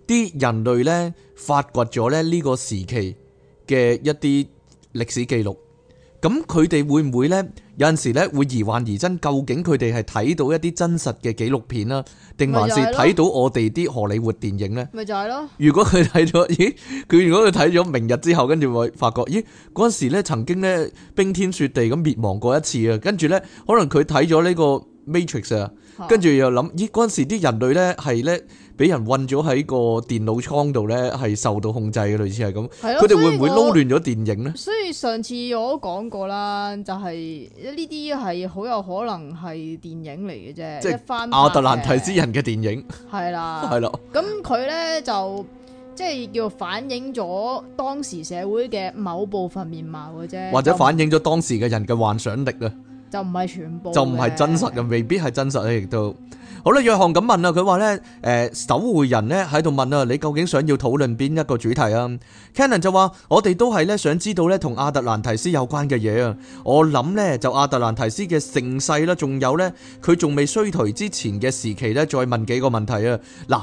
Speaker 2: 啲人類呢，發掘咗呢呢個時期嘅一啲歷史記錄，咁佢哋會唔會呢？有陣時呢，會疑幻而真？究竟佢哋係睇到一啲真實嘅紀錄片啦，定還是睇到我哋啲荷里活電影呢？咪就係咯。如果佢睇咗，咦？佢如果佢睇咗明日之後，跟住會發覺，咦？嗰陣時呢，曾經呢，冰天雪地咁滅亡過一次啊，跟住呢，可能佢睇咗呢個 Matrix 啊。跟住又諗，咦？嗰陣時啲人類咧係咧俾人困咗喺個電腦倉度咧，係受到控制嘅，類似係咁。佢哋的會唔會撈亂咗電影咧？
Speaker 1: 所以上次我都講過啦，就係呢啲係好有可能係電影嚟嘅啫，即係翻阿特蘭堤斯人嘅
Speaker 2: 電影係啦，係啦的。
Speaker 1: 咁佢咧就即係、就係、叫反映咗當時社會嘅某部分面貌嘅啫，或者反
Speaker 2: 映咗當時嘅人嘅幻想力啦。
Speaker 1: 就唔係全部，就唔係真實
Speaker 2: 嘅，未必係真實啊！亦都好啦，約翰咁問啦，佢話咧，誒、呃，守護人咧喺度問啊，你究竟想要討論邊一個主題啊？Cannon 就話，我哋都係咧，想知道咧同阿特蘭提斯有關嘅嘢啊！我諗咧，就阿特蘭提斯嘅盛世啦，仲有咧，佢仲未衰退之前嘅時期咧，再問幾個問題啊！嗱，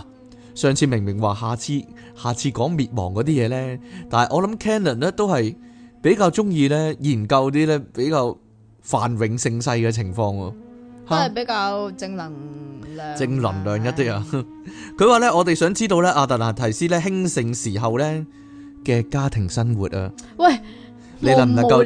Speaker 2: 上次明明話下次，下次講滅亡嗰啲嘢咧，但係我諗 Cannon 咧都係比較中意咧研究啲咧比較。繁榮盛世嘅情況喎，都
Speaker 1: 係比較正能量，
Speaker 2: 正能量一啲啊！佢話咧，我哋想知道咧，阿特蘭堤斯咧興盛時候咧嘅家庭生活啊，
Speaker 1: 喂，你能唔能夠，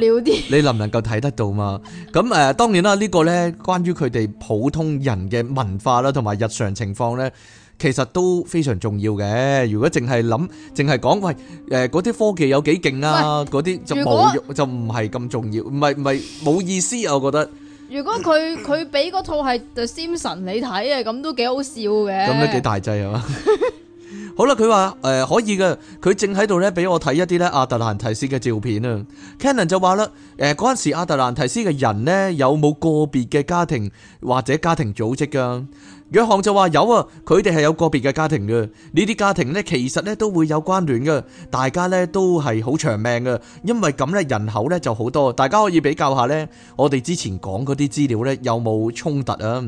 Speaker 1: 你能
Speaker 2: 唔能夠睇得到嘛？咁誒，當然啦，呢、呢個咧關於佢哋普通人嘅文化啦，同埋日常情況咧。其實都非常重要嘅。如果淨係諗，淨係講，喂，誒，嗰啲科技有幾勁啊？嗰啲就冇，就唔係咁重要，唔係唔係冇意思啊！我覺得，
Speaker 1: 如果佢佢俾嗰套係 The Simpsons 你睇啊，咁都幾好笑嘅，咁都幾
Speaker 2: 大劑係嘛？好啦，佢話誒可以噶，佢正喺度咧俾我睇一啲咧阿特蘭堤斯嘅照片啊。Cannon 就話啦，誒嗰陣時阿特蘭堤斯嘅人咧有冇個別嘅家庭或者家庭組織噶？約翰就話有啊，佢哋係有個別嘅家庭嘅，呢啲家庭呢，其實呢都會有關聯嘅，大家呢都係好長命嘅，因為咁呢人口呢就好多，大家可以比較下呢，我哋之前講嗰啲資料呢，有冇衝突啊？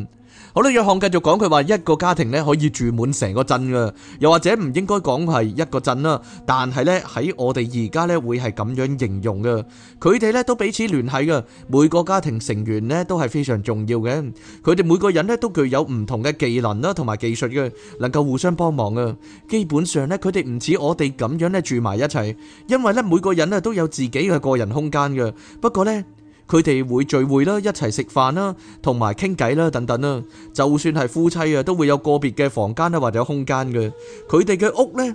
Speaker 2: 好啦，約翰繼續講，佢話一個家庭咧可以住滿成個鎮噶，又或者唔應該講係一個鎮啦，但係咧喺我哋而家咧會係咁樣形容噶，佢哋咧都彼此聯繫噶，每個家庭成員咧都係非常重要嘅，佢哋每個人咧都具有唔同嘅技能啦同埋技術嘅，能夠互相幫忙啊。基本上咧，佢哋唔似我哋咁樣咧住埋一齊，因為咧每個人咧都有自己嘅個人空間嘅。不過咧。佢哋會聚會啦，一齊食飯啦，同埋傾偈啦，等等啦。就算係夫妻啊，都會有個別嘅房間啊，或者空間嘅。佢哋嘅屋咧，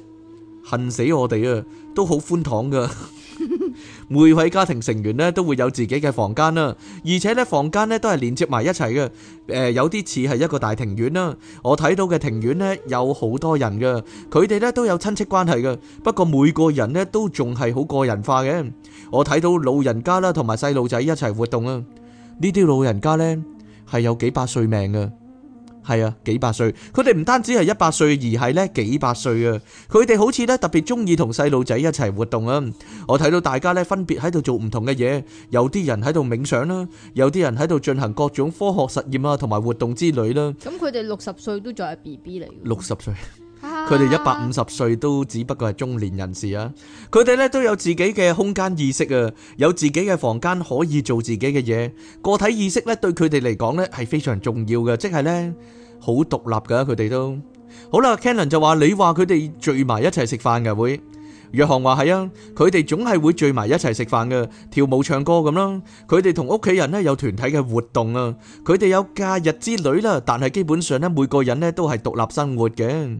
Speaker 2: 恨死我哋啊，都好寬敞噶。每位家庭成員咧，都會有自己嘅房間啦，而且咧房間咧都係連接埋一齊嘅。誒，有啲似係一個大庭院啦。我睇到嘅庭院咧，有好多人噶，佢哋咧都有親戚關係噶，不過每個人咧都仲係好個人化嘅。我睇到老人家啦，同埋細路仔一齊活動啊！呢啲老人家呢，係有幾百歲命啊。係啊，幾百歲，佢哋唔單止係一百歲，而係呢幾百歲啊！佢哋好似呢特別中意同細路仔一齊活動啊！我睇到大家呢分別喺度做唔同嘅嘢，有啲人喺度冥想啦，有啲人喺度進行各種科學實驗啊，同埋活動之類啦。
Speaker 1: 咁佢哋六十歲都仲係 B B 嚟，六
Speaker 2: 十歲。佢哋一百五十歲都只不過係中年人士啊！佢哋咧都有自己嘅空間意識啊，有自己嘅房間可以做自己嘅嘢。個體意識咧對佢哋嚟講咧係非常重要嘅，即係咧好獨立噶。佢哋都好啦。Cannon 就話你話佢哋聚埋一齊食飯噶會，約翰話係啊，佢哋總係會聚埋一齊食飯噶，跳舞唱歌咁啦。佢哋同屋企人咧有團體嘅活動啊，佢哋有假日之旅啦，但係基本上咧每個人咧都係獨立生活嘅。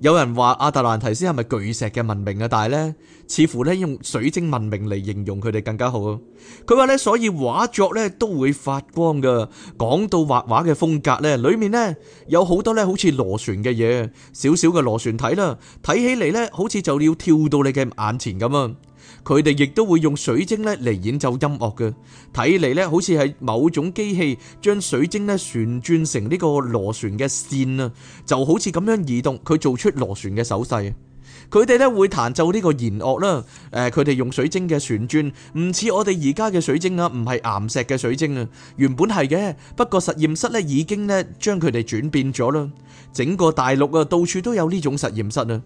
Speaker 2: 有人話阿特蘭提斯係咪巨石嘅文明啊？但係咧，似乎咧用水晶文明嚟形容佢哋更加好。佢話咧，所以畫作咧都會發光噶。講到畫畫嘅風格咧，裡面咧有好多咧好似螺旋嘅嘢，小小嘅螺旋體啦，睇起嚟咧好似就要跳到你嘅眼前咁啊！佢哋亦都會用水晶咧嚟演奏音樂嘅，睇嚟咧好似係某種機器將水晶咧旋轉成呢個螺旋嘅線啊，就好似咁樣移動，佢做出螺旋嘅手勢。佢哋咧會彈奏呢個弦樂啦，誒、呃，佢哋用水晶嘅旋轉，唔似我哋而家嘅水晶啊，唔係岩石嘅水晶啊，原本係嘅，不過實驗室咧已經咧將佢哋轉變咗啦。整個大陸啊，到處都有呢種實驗室啊。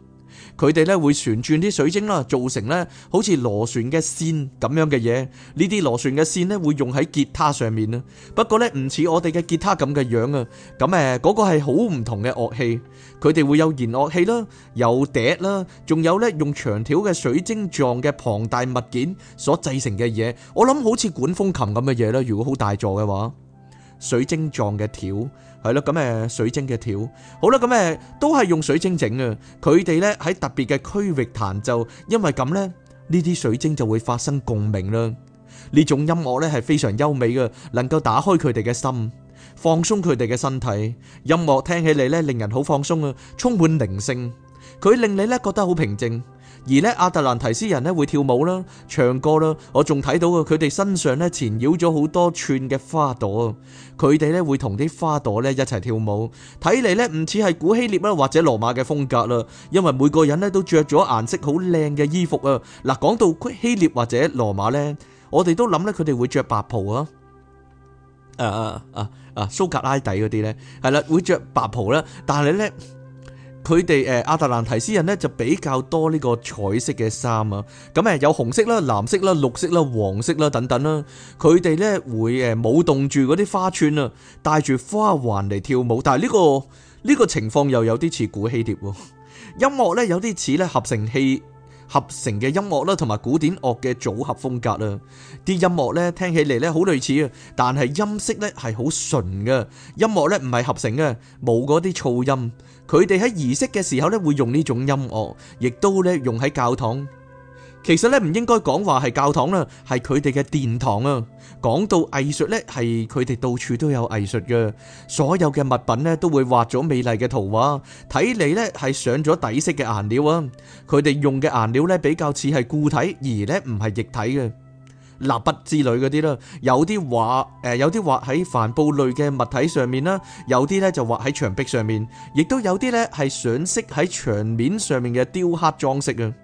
Speaker 2: 佢哋咧會旋轉啲水晶啦，做成咧好似螺旋嘅線咁樣嘅嘢。呢啲螺旋嘅線咧會用喺吉他上面啦。不過咧唔似我哋嘅吉他咁嘅樣啊。咁誒嗰個係好唔同嘅樂器。佢哋會有弦樂器啦，有笛啦，仲有咧用長條嘅水晶狀嘅龐大物件所製成嘅嘢。我諗好似管風琴咁嘅嘢啦。如果好大座嘅話，水晶狀嘅條。係咯，咁誒，水晶嘅條，好啦，咁誒，都係用水晶整嘅，佢哋咧喺特別嘅區域彈奏，因為咁咧，呢啲水晶就會發生共鳴啦。呢種音樂咧係非常優美嘅，能夠打開佢哋嘅心，放鬆佢哋嘅身體。音樂聽起嚟咧，令人好放鬆啊，充滿靈性，佢令你咧覺得好平靜。而咧，亞特蘭提斯人咧會跳舞啦、唱歌啦，我仲睇到啊佢哋身上咧纏繞咗好多串嘅花朵，佢哋咧會同啲花朵咧一齊跳舞，睇嚟咧唔似係古希臘啦或者羅馬嘅風格啦，因為每個人咧都著咗顏色好靚嘅衣服啊！嗱，講到古希臘或者羅馬咧，我哋都諗咧佢哋會著白袍啊，啊啊啊啊蘇格拉底嗰啲咧，係啦會著白袍啦，但係咧，佢哋誒亞特蘭提斯人咧就比較多呢個彩色嘅衫啊，咁誒有紅色啦、藍色啦、綠色啦、黃色啦等等啦。佢哋咧會誒舞動住嗰啲花串啊，帶住花環嚟跳舞。但係呢個呢個情況又有啲似古希臘喎。音樂咧有啲似咧合成器合成嘅音樂啦，同埋古典樂嘅組合風格啦。啲音樂咧聽起嚟咧好類似啊，但係音色咧係好純嘅。音樂咧唔係合成嘅，冇嗰啲噪音。佢哋喺儀式嘅時候咧會用呢種音樂，亦都咧用喺教堂。其實咧唔應該講話係教堂啦，係佢哋嘅殿堂啊。講到藝術咧，係佢哋到處都有藝術嘅，所有嘅物品咧都會畫咗美麗嘅圖畫。睇嚟咧係上咗底色嘅顏料啊，佢哋用嘅顏料咧比較似係固體，而咧唔係液體嘅。蠟筆之類嗰啲啦，有啲畫，誒、呃、有啲畫喺帆布類嘅物體上面啦，有啲咧就畫喺牆壁上面，亦都有啲咧係上色喺牆面上面嘅雕刻裝飾啊。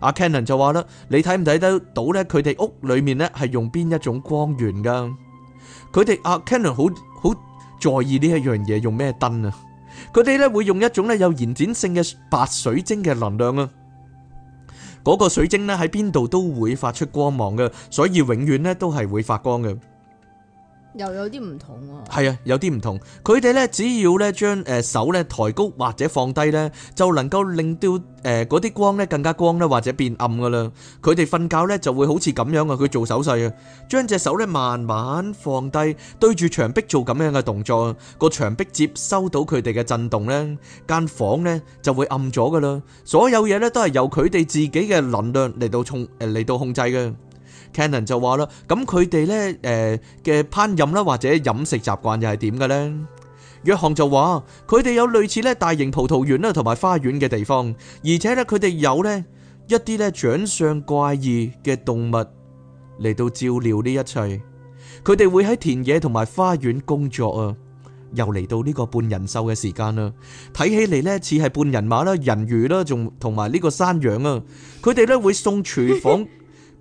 Speaker 2: 阿 Kenon 就話啦，你睇唔睇得到咧？佢哋屋裏面咧係用邊一種光源噶？佢哋阿、啊、Kenon 好好在意呢一樣嘢，用咩燈啊？佢哋咧會用一種咧有延展性嘅白水晶嘅能量啊。嗰個水晶咧喺邊度都會發出光芒嘅，所以永遠咧都係會發光嘅。
Speaker 1: 又有啲唔同啊，係
Speaker 2: 啊，有啲唔同。佢哋咧只要咧將誒手咧抬高或者放低咧，就能夠令到誒嗰啲光咧更加光啦，或者變暗噶啦。佢哋瞓覺咧就會好似咁樣啊，佢做手勢啊，將隻手咧慢慢放低，對住牆壁做咁樣嘅動作，個牆壁接收到佢哋嘅震動咧，間房咧就會暗咗噶啦。所有嘢咧都係由佢哋自己嘅能量嚟到控誒嚟到控制嘅。Cannon 就話啦，咁佢哋咧誒嘅烹飪啦，或者飲食習慣又係點嘅咧？約翰就話佢哋有類似咧大型葡萄園啦，同埋花園嘅地方，而且咧佢哋有咧一啲咧長相怪異嘅動物嚟到照料呢一切。佢哋會喺田野同埋花園工作啊。又嚟到呢個半人獸嘅時間啦，睇起嚟咧似係半人馬啦、人魚啦，仲同埋呢個山羊啊。佢哋咧會送廚房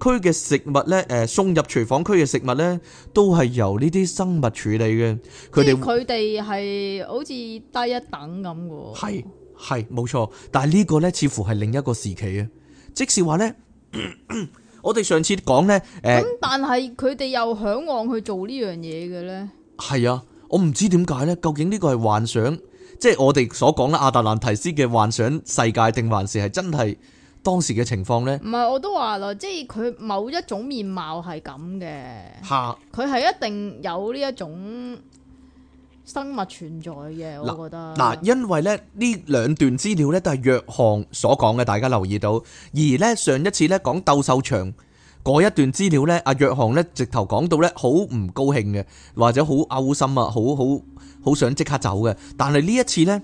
Speaker 2: 區嘅食物呢，誒、呃，送入廚房區嘅食物呢，都係由呢啲生物處理嘅。即係佢
Speaker 1: 哋係好似低一等咁嘅。係
Speaker 2: 係冇錯，但係呢個呢，似乎係另一個時期啊！即使話呢，我哋上次講呢，誒、呃，
Speaker 1: 但係佢哋又向往去做呢樣嘢嘅呢，
Speaker 2: 係啊，我唔知點解呢，究竟呢個係幻想，即係我哋所講嘅，亞特蘭提斯嘅幻想世界，定還是係真係？當時嘅情況呢，
Speaker 1: 唔係我都話啦，即係佢某一種面貌係咁嘅，嚇佢係一定有呢一種生物存在嘅，我覺得嗱，
Speaker 2: 因為呢呢兩段資料呢，都係約翰所講嘅，大家留意到，而呢上一次，一,一次呢，講鬥獸場嗰一段資料呢，阿約翰呢直頭講到呢，好唔高興嘅，或者好嘔心啊，好好好想即刻走嘅，但係呢一次呢。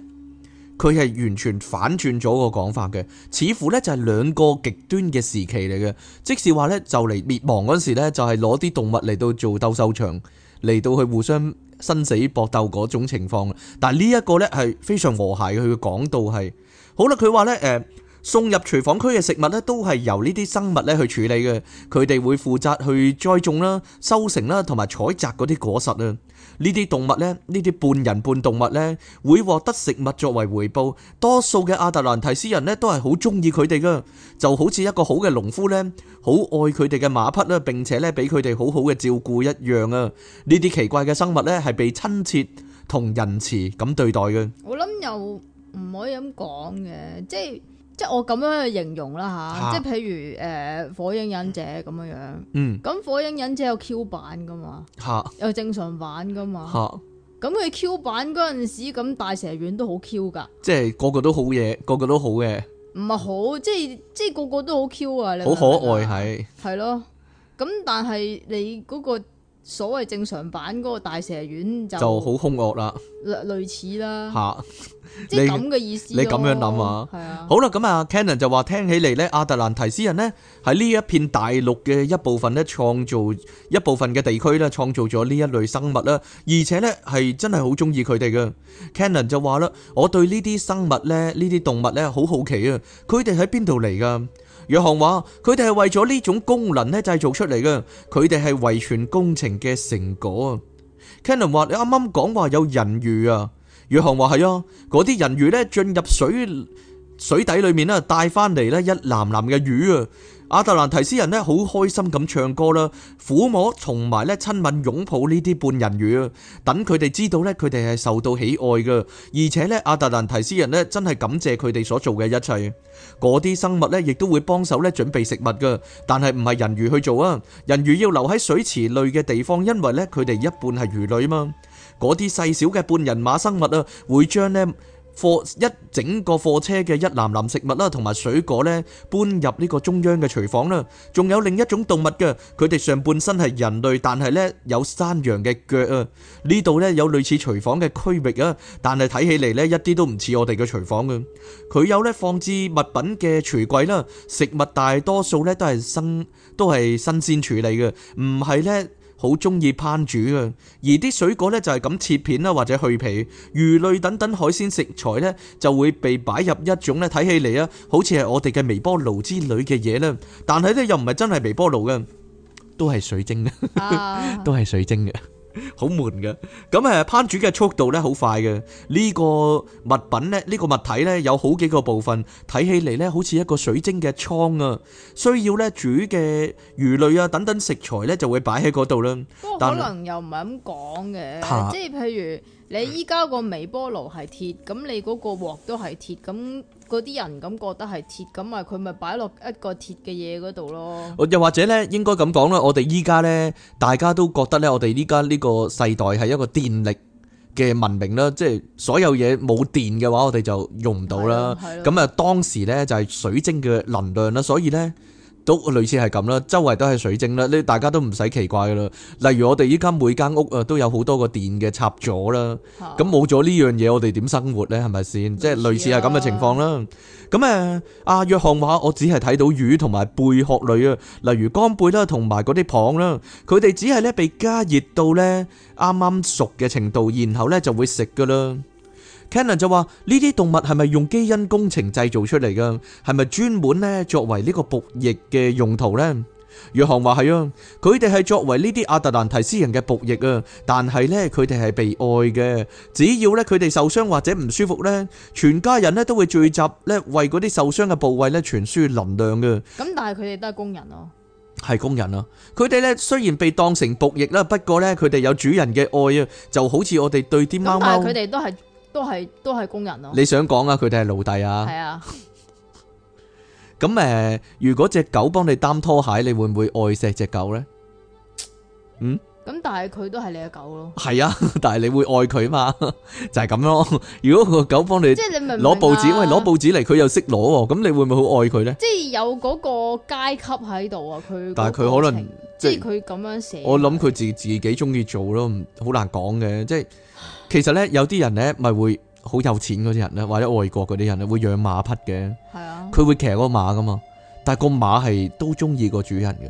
Speaker 2: 佢係完全反轉咗個講法嘅，似乎呢就係兩個極端嘅時期嚟嘅，即是話呢就嚟滅亡嗰時呢，就係攞啲動物嚟到做鬥獸場嚟到去互相生死搏鬥嗰種情況。但係呢一個呢係非常和諧嘅，佢講到係好啦。佢話呢，誒、呃、送入廚房區嘅食物呢，都係由呢啲生物呢去處理嘅，佢哋會負責去栽種啦、收成啦同埋採摘嗰啲果實啊。呢啲動物呢，呢啲半人半動物呢，會獲得食物作為回報。多數嘅阿特蘭堤斯人呢，都係好中意佢哋噶，就好似一個好嘅農夫呢，好愛佢哋嘅馬匹啦，並且呢，俾佢哋好好嘅照顧一樣啊。呢啲奇怪嘅生物呢，係被親切同仁慈咁對待嘅。
Speaker 1: 我諗又唔可以咁講嘅，即係。.即係我咁樣去形容啦吓，即係譬如誒火影忍者咁樣樣，咁、嗯、火影忍者有 Q 版噶嘛，啊、有正常版噶嘛，咁佢、啊、Q 版嗰陣時咁大蛇丸都好 Q 噶，即
Speaker 2: 係個個都好嘢，個個都好嘅，
Speaker 1: 唔係好，即係即係個個都好 Q 啊，你好可
Speaker 2: 愛係，
Speaker 1: 係咯，咁但係你嗰、個。所謂正常版嗰個大蛇丸就就好兇惡啦，類似啦，嚇，即係咁嘅意思。你咁樣諗啊？係啊。好
Speaker 2: 啦，咁啊，Canon 就話聽起嚟咧，阿特蘭堤斯人咧喺呢一片大陸嘅一部分咧，創造一部分嘅地區咧，創造咗呢一類生物啦，而且咧係真係好鍾意佢哋嘅。Canon 就話啦，我對呢啲生物咧，呢啲動物咧，好好奇啊，佢哋喺邊度嚟㗎？約翰話：佢哋係為咗呢種功能咧製造出嚟嘅。佢哋係遺傳工程嘅成果啊。Kenan 話：你啱啱講話有人魚啊？約翰話：係啊，嗰啲人魚咧進入水水底裏面啦，帶翻嚟咧一籃籃嘅魚啊。阿特蘭提斯人咧好開心咁唱歌啦，撫摸、同埋咧親吻、擁抱呢啲半人魚啊，等佢哋知道咧佢哋係受到喜愛噶，而且咧阿特蘭提斯人咧真係感謝佢哋所做嘅一切。嗰啲生物咧，亦都會幫手咧準備食物㗎，但係唔係人魚去做啊？人魚要留喺水池類嘅地方，因為咧佢哋一半係魚類嘛。嗰啲細小嘅半人馬生物啊，會將呢貨一整個貨車嘅一籃籃食物啦，同埋水果咧搬入呢個中央嘅廚房啦。仲有另一種動物嘅，佢哋上半身係人類，但係咧有山羊嘅腳啊。呢度咧有類似廚房嘅區域啊，但係睇起嚟咧一啲都唔似我哋嘅廚房噶。佢有咧放置物品嘅櫥櫃啦，食物大多數咧都係新都係新鮮處理嘅，唔係咧。好中意烹煮嘅，而啲水果呢，就係咁切片啦，或者去皮，魚類等等海鮮食材呢，就會被擺入一種呢。睇起嚟啊，好似係我哋嘅微波爐之類嘅嘢咧，但係呢，又唔係真係微波爐嘅，都係水晶啊， (laughs) 都係水晶嘅。好悶嘅，咁誒、 (laughs) 嗯、烹煮嘅速度咧好快嘅。呢、這個物品咧呢、這個物體咧有好幾個部分，睇起嚟咧好似一個水晶嘅倉啊，需要咧煮嘅魚類啊等等食材咧就會擺喺嗰度啦。不過可能
Speaker 1: 又唔係咁講嘅，啊、即係譬如你依家個微波爐係鐵，咁你嗰個鑊都係鐵咁。嗰啲人咁覺得係鐵，咁咪佢咪擺落一個鐵嘅嘢嗰度咯。
Speaker 2: 又或者呢，應該咁講啦，我哋依家呢，大家都覺得呢，我哋依家呢個世代係一個電力嘅文明啦，即係所有嘢冇電嘅話，我哋就用唔到啦。咁啊、嗯，當時呢，就係水晶嘅能量啦，所以呢。都類似係咁啦，周圍都係水晶啦。你大家都唔使奇怪噶啦。例如我哋依家每間屋啊都有好多個電嘅插座啦，咁冇咗呢樣嘢，我哋點生活咧？係咪先？即係類似係咁嘅情況啦。咁誒，阿約翰話我只係睇到魚同埋貝殼類啊，例如乾貝啦，同埋嗰啲蚌啦，佢哋只係咧被加熱到咧啱啱熟嘅程度，然後咧就會食噶啦。Cannon 就話，呢啲動物係咪用基因工程製造出嚟噶？係咪專門咧作為呢個僕役嘅用途咧？約翰話係啊，佢哋係作為呢啲阿特蘭提斯人嘅僕役啊，但係咧佢哋係被愛嘅，只要咧佢哋受傷或者唔舒服咧，全家人咧都會聚集咧為嗰啲受傷嘅部位咧傳輸能量嘅。
Speaker 1: 咁但係佢哋都係工人咯，
Speaker 2: 係工人啊。佢哋咧雖然被當成僕役啦，不過咧佢哋有主人嘅愛啊，就好似我哋對啲貓貓，但係佢哋
Speaker 1: 都係。都係都係工人咯。你
Speaker 2: 想講啊，佢哋係奴隸啊。係啊。咁誒， (laughs) 如果隻狗幫你擔拖鞋，你會唔會愛錫隻狗咧？嗯。
Speaker 1: 咁但係佢都係你嘅狗咯。
Speaker 2: 係啊，但係你會愛佢嘛？ (laughs) 就係咁咯。 (laughs) 如果個狗幫你，即係你明攞報紙，喂，攞報紙嚟，佢又識攞喎。咁你會唔會好愛佢咧？
Speaker 1: 即係有嗰個階級喺度啊！佢但係佢可能即係佢咁樣寫。我諗
Speaker 2: 佢自自己中意做咯，好難講嘅，即係。其實咧，有啲人咧，咪會好有錢嗰啲人咧，或者外國嗰啲人咧，會養馬匹嘅。係啊，佢會騎嗰馬㗎嘛，但係個馬係都鍾意個主人嘅。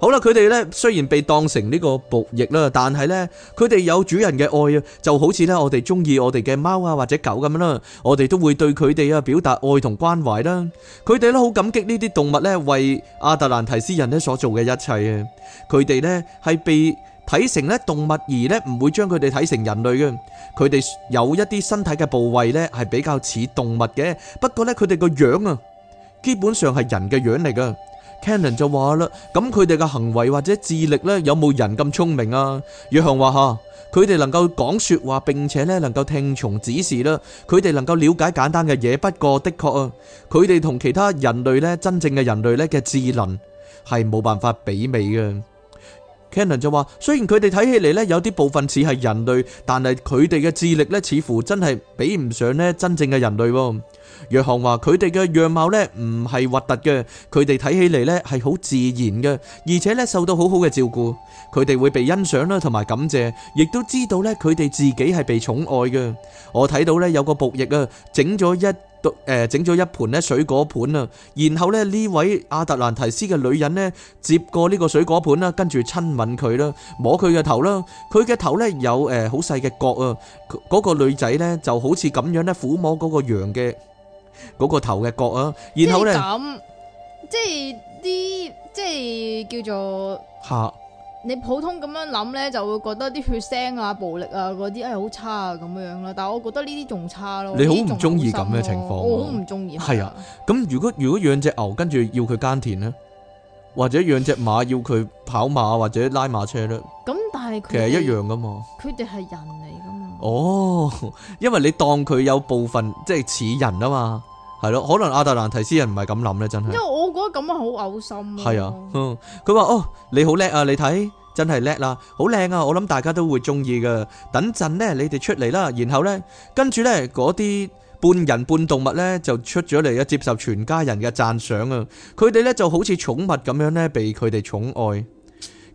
Speaker 2: 好啦，佢哋咧雖然被當成呢個僕役啦，但係咧佢哋有主人嘅愛啊，就好似咧我哋中意我哋嘅貓啊或者狗咁樣啦，我哋都會對佢哋啊表達愛同關懷啦。佢哋咧好感激呢啲動物咧為阿特蘭堤斯人咧所做嘅一切啊。佢哋咧係被睇成咧動物而咧唔會將佢哋睇成人類嘅。佢哋有一啲身體嘅部位咧係比較似動物嘅，不過咧佢哋個樣啊基本上係人嘅樣嚟噶。Canon 就話啦，咁佢哋嘅行為或者智力呢，有冇人咁聰明啊？約翰話嚇，佢哋能夠講説話並且呢能夠聽從指示啦，佢哋能夠了解簡單嘅嘢。不過的確啊，佢哋同其他人類呢，真正嘅人類呢嘅智能係冇辦法比美嘅。Canon 就話：雖然佢哋睇起嚟咧有啲部分似係人類，但係佢哋嘅智力咧似乎真係比唔上咧真正嘅人類。約翰話：佢哋嘅樣貌咧唔係核突嘅，佢哋睇起嚟咧係好自然嘅，而且咧受到好好嘅照顧，佢哋會被欣賞啦同埋感謝，亦都知道咧佢哋自己係被寵愛嘅。我睇到咧有個僕役啊，整咗一誒，整咗一盤咧水果盤啊，然後咧呢位阿特蘭堤斯嘅女人咧，接過呢個水果盤啦，跟住親吻佢啦，摸佢嘅頭啦，佢嘅頭咧有誒好細嘅角啊，嗰個女仔咧就好似咁樣咧撫摸嗰個羊嘅嗰個頭嘅角啊，然後咧即
Speaker 1: 係啲即係叫做吓。你普通咁樣諗呢，就會覺得啲血腥啊、暴力啊嗰啲，哎，好差啊，咁樣樣啦。但係我覺得呢啲仲差咯，你好唔中意咁嘅情況。我好唔中意。係
Speaker 2: 啊，咁如果如果養隻牛跟住要佢耕田呢，或者養隻馬 (laughs) 要佢跑馬或者拉馬車呢？
Speaker 1: 咁但係其實一樣噶嘛。佢哋係人嚟噶
Speaker 2: 嘛？哦，因為你當佢有部分即係似人啊嘛。係咯，可能阿特蘭堤斯人唔係咁諗咧，真係。因為
Speaker 1: 我覺得咁樣好嘔心。係
Speaker 2: 啊，佢話哦，你好叻啊，你睇真係叻啦，好靚啊，我諗大家都會中意噶。等陣呢，你哋出嚟啦，然後呢，跟住呢，嗰啲半人半動物呢，就出咗嚟啊，接受全家人嘅讚賞啊。佢哋呢就好似寵物咁樣呢，被佢哋寵愛。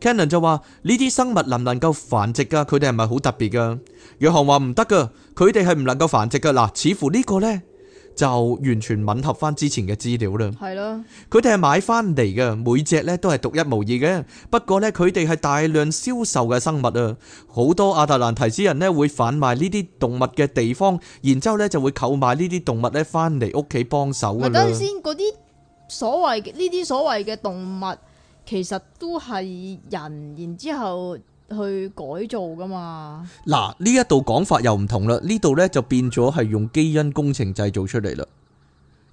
Speaker 2: Cannon 就話呢啲生物能唔能夠繁殖噶、啊？佢哋係咪好特別噶、啊？約翰話唔得噶，佢哋係唔能夠繁殖噶。嗱、呃，似乎呢個呢。就完全吻合翻之前嘅資料啦。係咯，佢哋係買翻嚟嘅，每隻咧都係獨一無二嘅。不過咧，佢哋係大量銷售嘅生物啊，好多亞特蘭提斯人咧會販賣呢啲動物嘅地方，然之後咧就會購買呢啲動物咧翻嚟屋企幫手。咪等陣先，
Speaker 1: 嗰啲所謂呢啲所謂嘅動物，其實都係人，然之後。去改造噶嘛？
Speaker 2: 嗱，呢一度講法又唔同啦。呢度咧就變咗係用基因工程製造出嚟啦，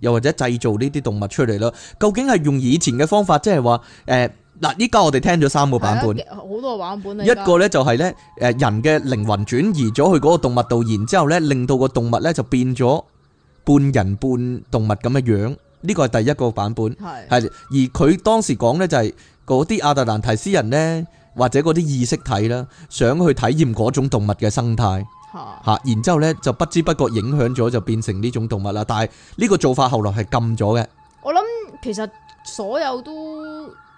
Speaker 2: 又或者製造呢啲動物出嚟咯。究竟係用以前嘅方法，即係話誒，嗱，依家我哋聽咗三個版本，
Speaker 1: 好多版本。一個咧就
Speaker 2: 係咧，誒，人嘅靈魂轉移咗去嗰個動物度，然之後咧令到個動物咧就變咗半人半動物咁嘅樣。呢個係第一個版本，係係。而佢當時講咧就係嗰啲亞特蘭提斯人咧。或者嗰啲意識體啦，想去體驗嗰種動物嘅生態，嚇，然之後呢就不知不覺影響咗，就變成呢種動物啦。但係呢個做法後來係禁咗嘅。
Speaker 1: 我諗其實所有都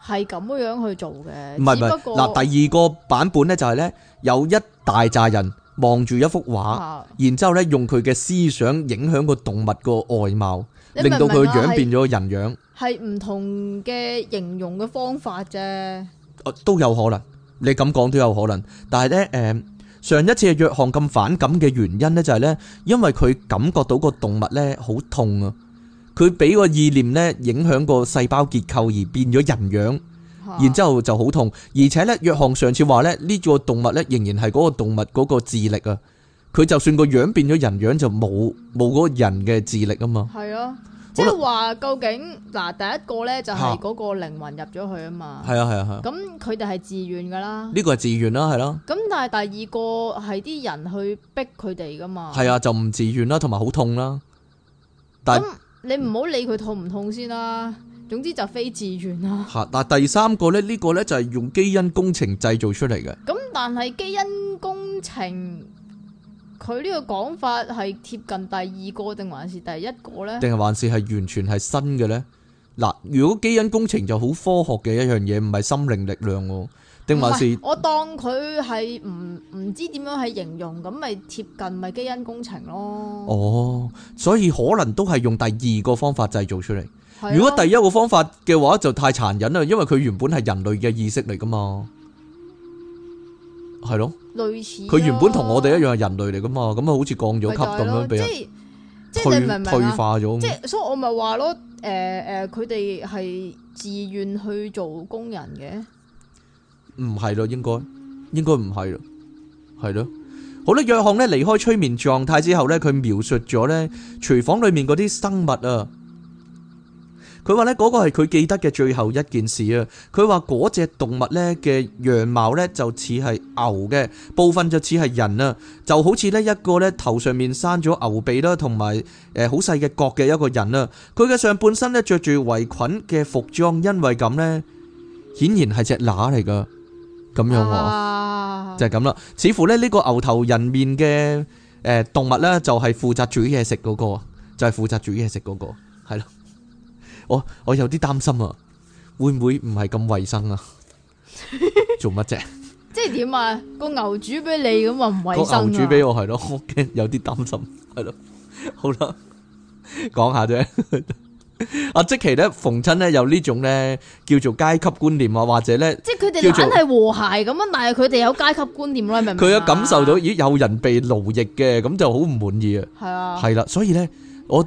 Speaker 1: 係咁樣去做嘅，唔係，唔係。嗱。第二個
Speaker 2: 版本呢就係呢有一大扎人望住一幅畫，然之後呢用佢嘅思想影響個動物個外貌，令到佢樣變咗人樣，
Speaker 1: 係唔同嘅形容嘅方法啫，
Speaker 2: 都有可能。你咁講都有可能，但係咧，誒，上一次約翰咁反感嘅原因咧，就係咧，因為佢感覺到個動物咧好痛啊。佢俾個意念咧影響個細胞結構而變咗人樣，然之後就好痛。而且咧，約翰上次話咧呢個動物咧仍然係嗰個動物嗰個智力啊。佢就算個樣變咗人樣，就冇冇嗰個人嘅智力啊嘛。
Speaker 1: 係啊。即係話，究竟嗱，第一個咧就係嗰個靈魂入咗去啊嘛。係啊係啊係啊。咁佢哋係自願噶啦。呢
Speaker 2: 個係自願啦，係咯、
Speaker 1: 啊。咁但係第二個係啲人去逼佢哋噶嘛。係
Speaker 2: 啊，就唔自願啦，同埋好痛啦。但
Speaker 1: 你唔好理佢痛唔痛先啦。嗯、總之就非自願啦、啊。
Speaker 2: 吓、啊，但係第三個咧，呢、呢個咧就係用基因工程製造出嚟嘅。
Speaker 1: 咁但係基因工程。佢呢個講法係貼近第二個定還是第一個呢？定
Speaker 2: 係還是係完全係新嘅呢？嗱，如果基因工程就好科學嘅一樣嘢，唔係心靈力量喎，定還是我
Speaker 1: 當佢係唔唔知點樣係形容咁咪貼近咪基因工程咯。
Speaker 2: 哦，所以可能都係用第二個方法製造出嚟。如果第一個方法嘅話就太殘忍啦，因為佢原本係人類嘅意識嚟噶嘛。係咯，
Speaker 1: 類似佢原本同我哋
Speaker 2: 一樣係人類嚟噶嘛，咁啊好似降咗級咁樣俾人退退化咗。即係
Speaker 1: 所以我咪話咯，誒誒，佢哋係自願去做工人嘅？
Speaker 2: 唔係咯，應該應該唔係咯，係咯。好啦，約翰咧離開催眠狀態之後咧，佢描述咗咧廚房裏面嗰啲生物啊。佢話呢，嗰個係佢記得嘅最後一件事啊！佢話嗰隻動物呢，嘅樣貌呢，就似係牛嘅部分，就似係人啊，就好似呢，一個呢頭上面生咗牛鼻啦，同埋誒好細嘅角嘅一個人啊！佢嘅上半身呢，着住圍裙嘅服裝，因為咁呢，顯然係隻乸嚟噶，咁樣啊，
Speaker 1: 就係咁
Speaker 2: 啦。似乎呢，呢個牛頭人面嘅誒動物呢，就係負責煮嘢食嗰個，就係負責煮嘢食嗰個，係咯。我我有啲擔心啊，會唔會唔係咁衛生啊？做乜啫？
Speaker 1: 即係點啊？個牛煮俾你咁話，唔衛生啊！個牛煮俾
Speaker 2: 我係咯，我驚有啲擔心係咯。好啦，講下啫。阿即其咧，逢親咧有呢種咧叫做階級觀念啊，或者咧即係佢哋反係
Speaker 1: 和諧咁啊，但係佢哋有階級觀念咯，你明唔明啊？佢有感受到
Speaker 2: 咦有人被奴役嘅咁就好唔滿意啊。係啊。係啦，所以咧我。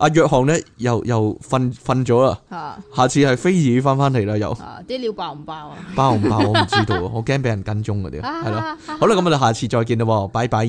Speaker 2: 阿約、啊、航咧又又瞓瞓咗啦，啊、下次係飛兒翻翻嚟啦，啊、又
Speaker 1: 啲料爆唔爆啊？爆唔爆我唔知道， (laughs)
Speaker 2: 我驚俾人跟蹤嗰啲，係咯。好啦，咁我哋下次再見啦， (laughs) 拜拜。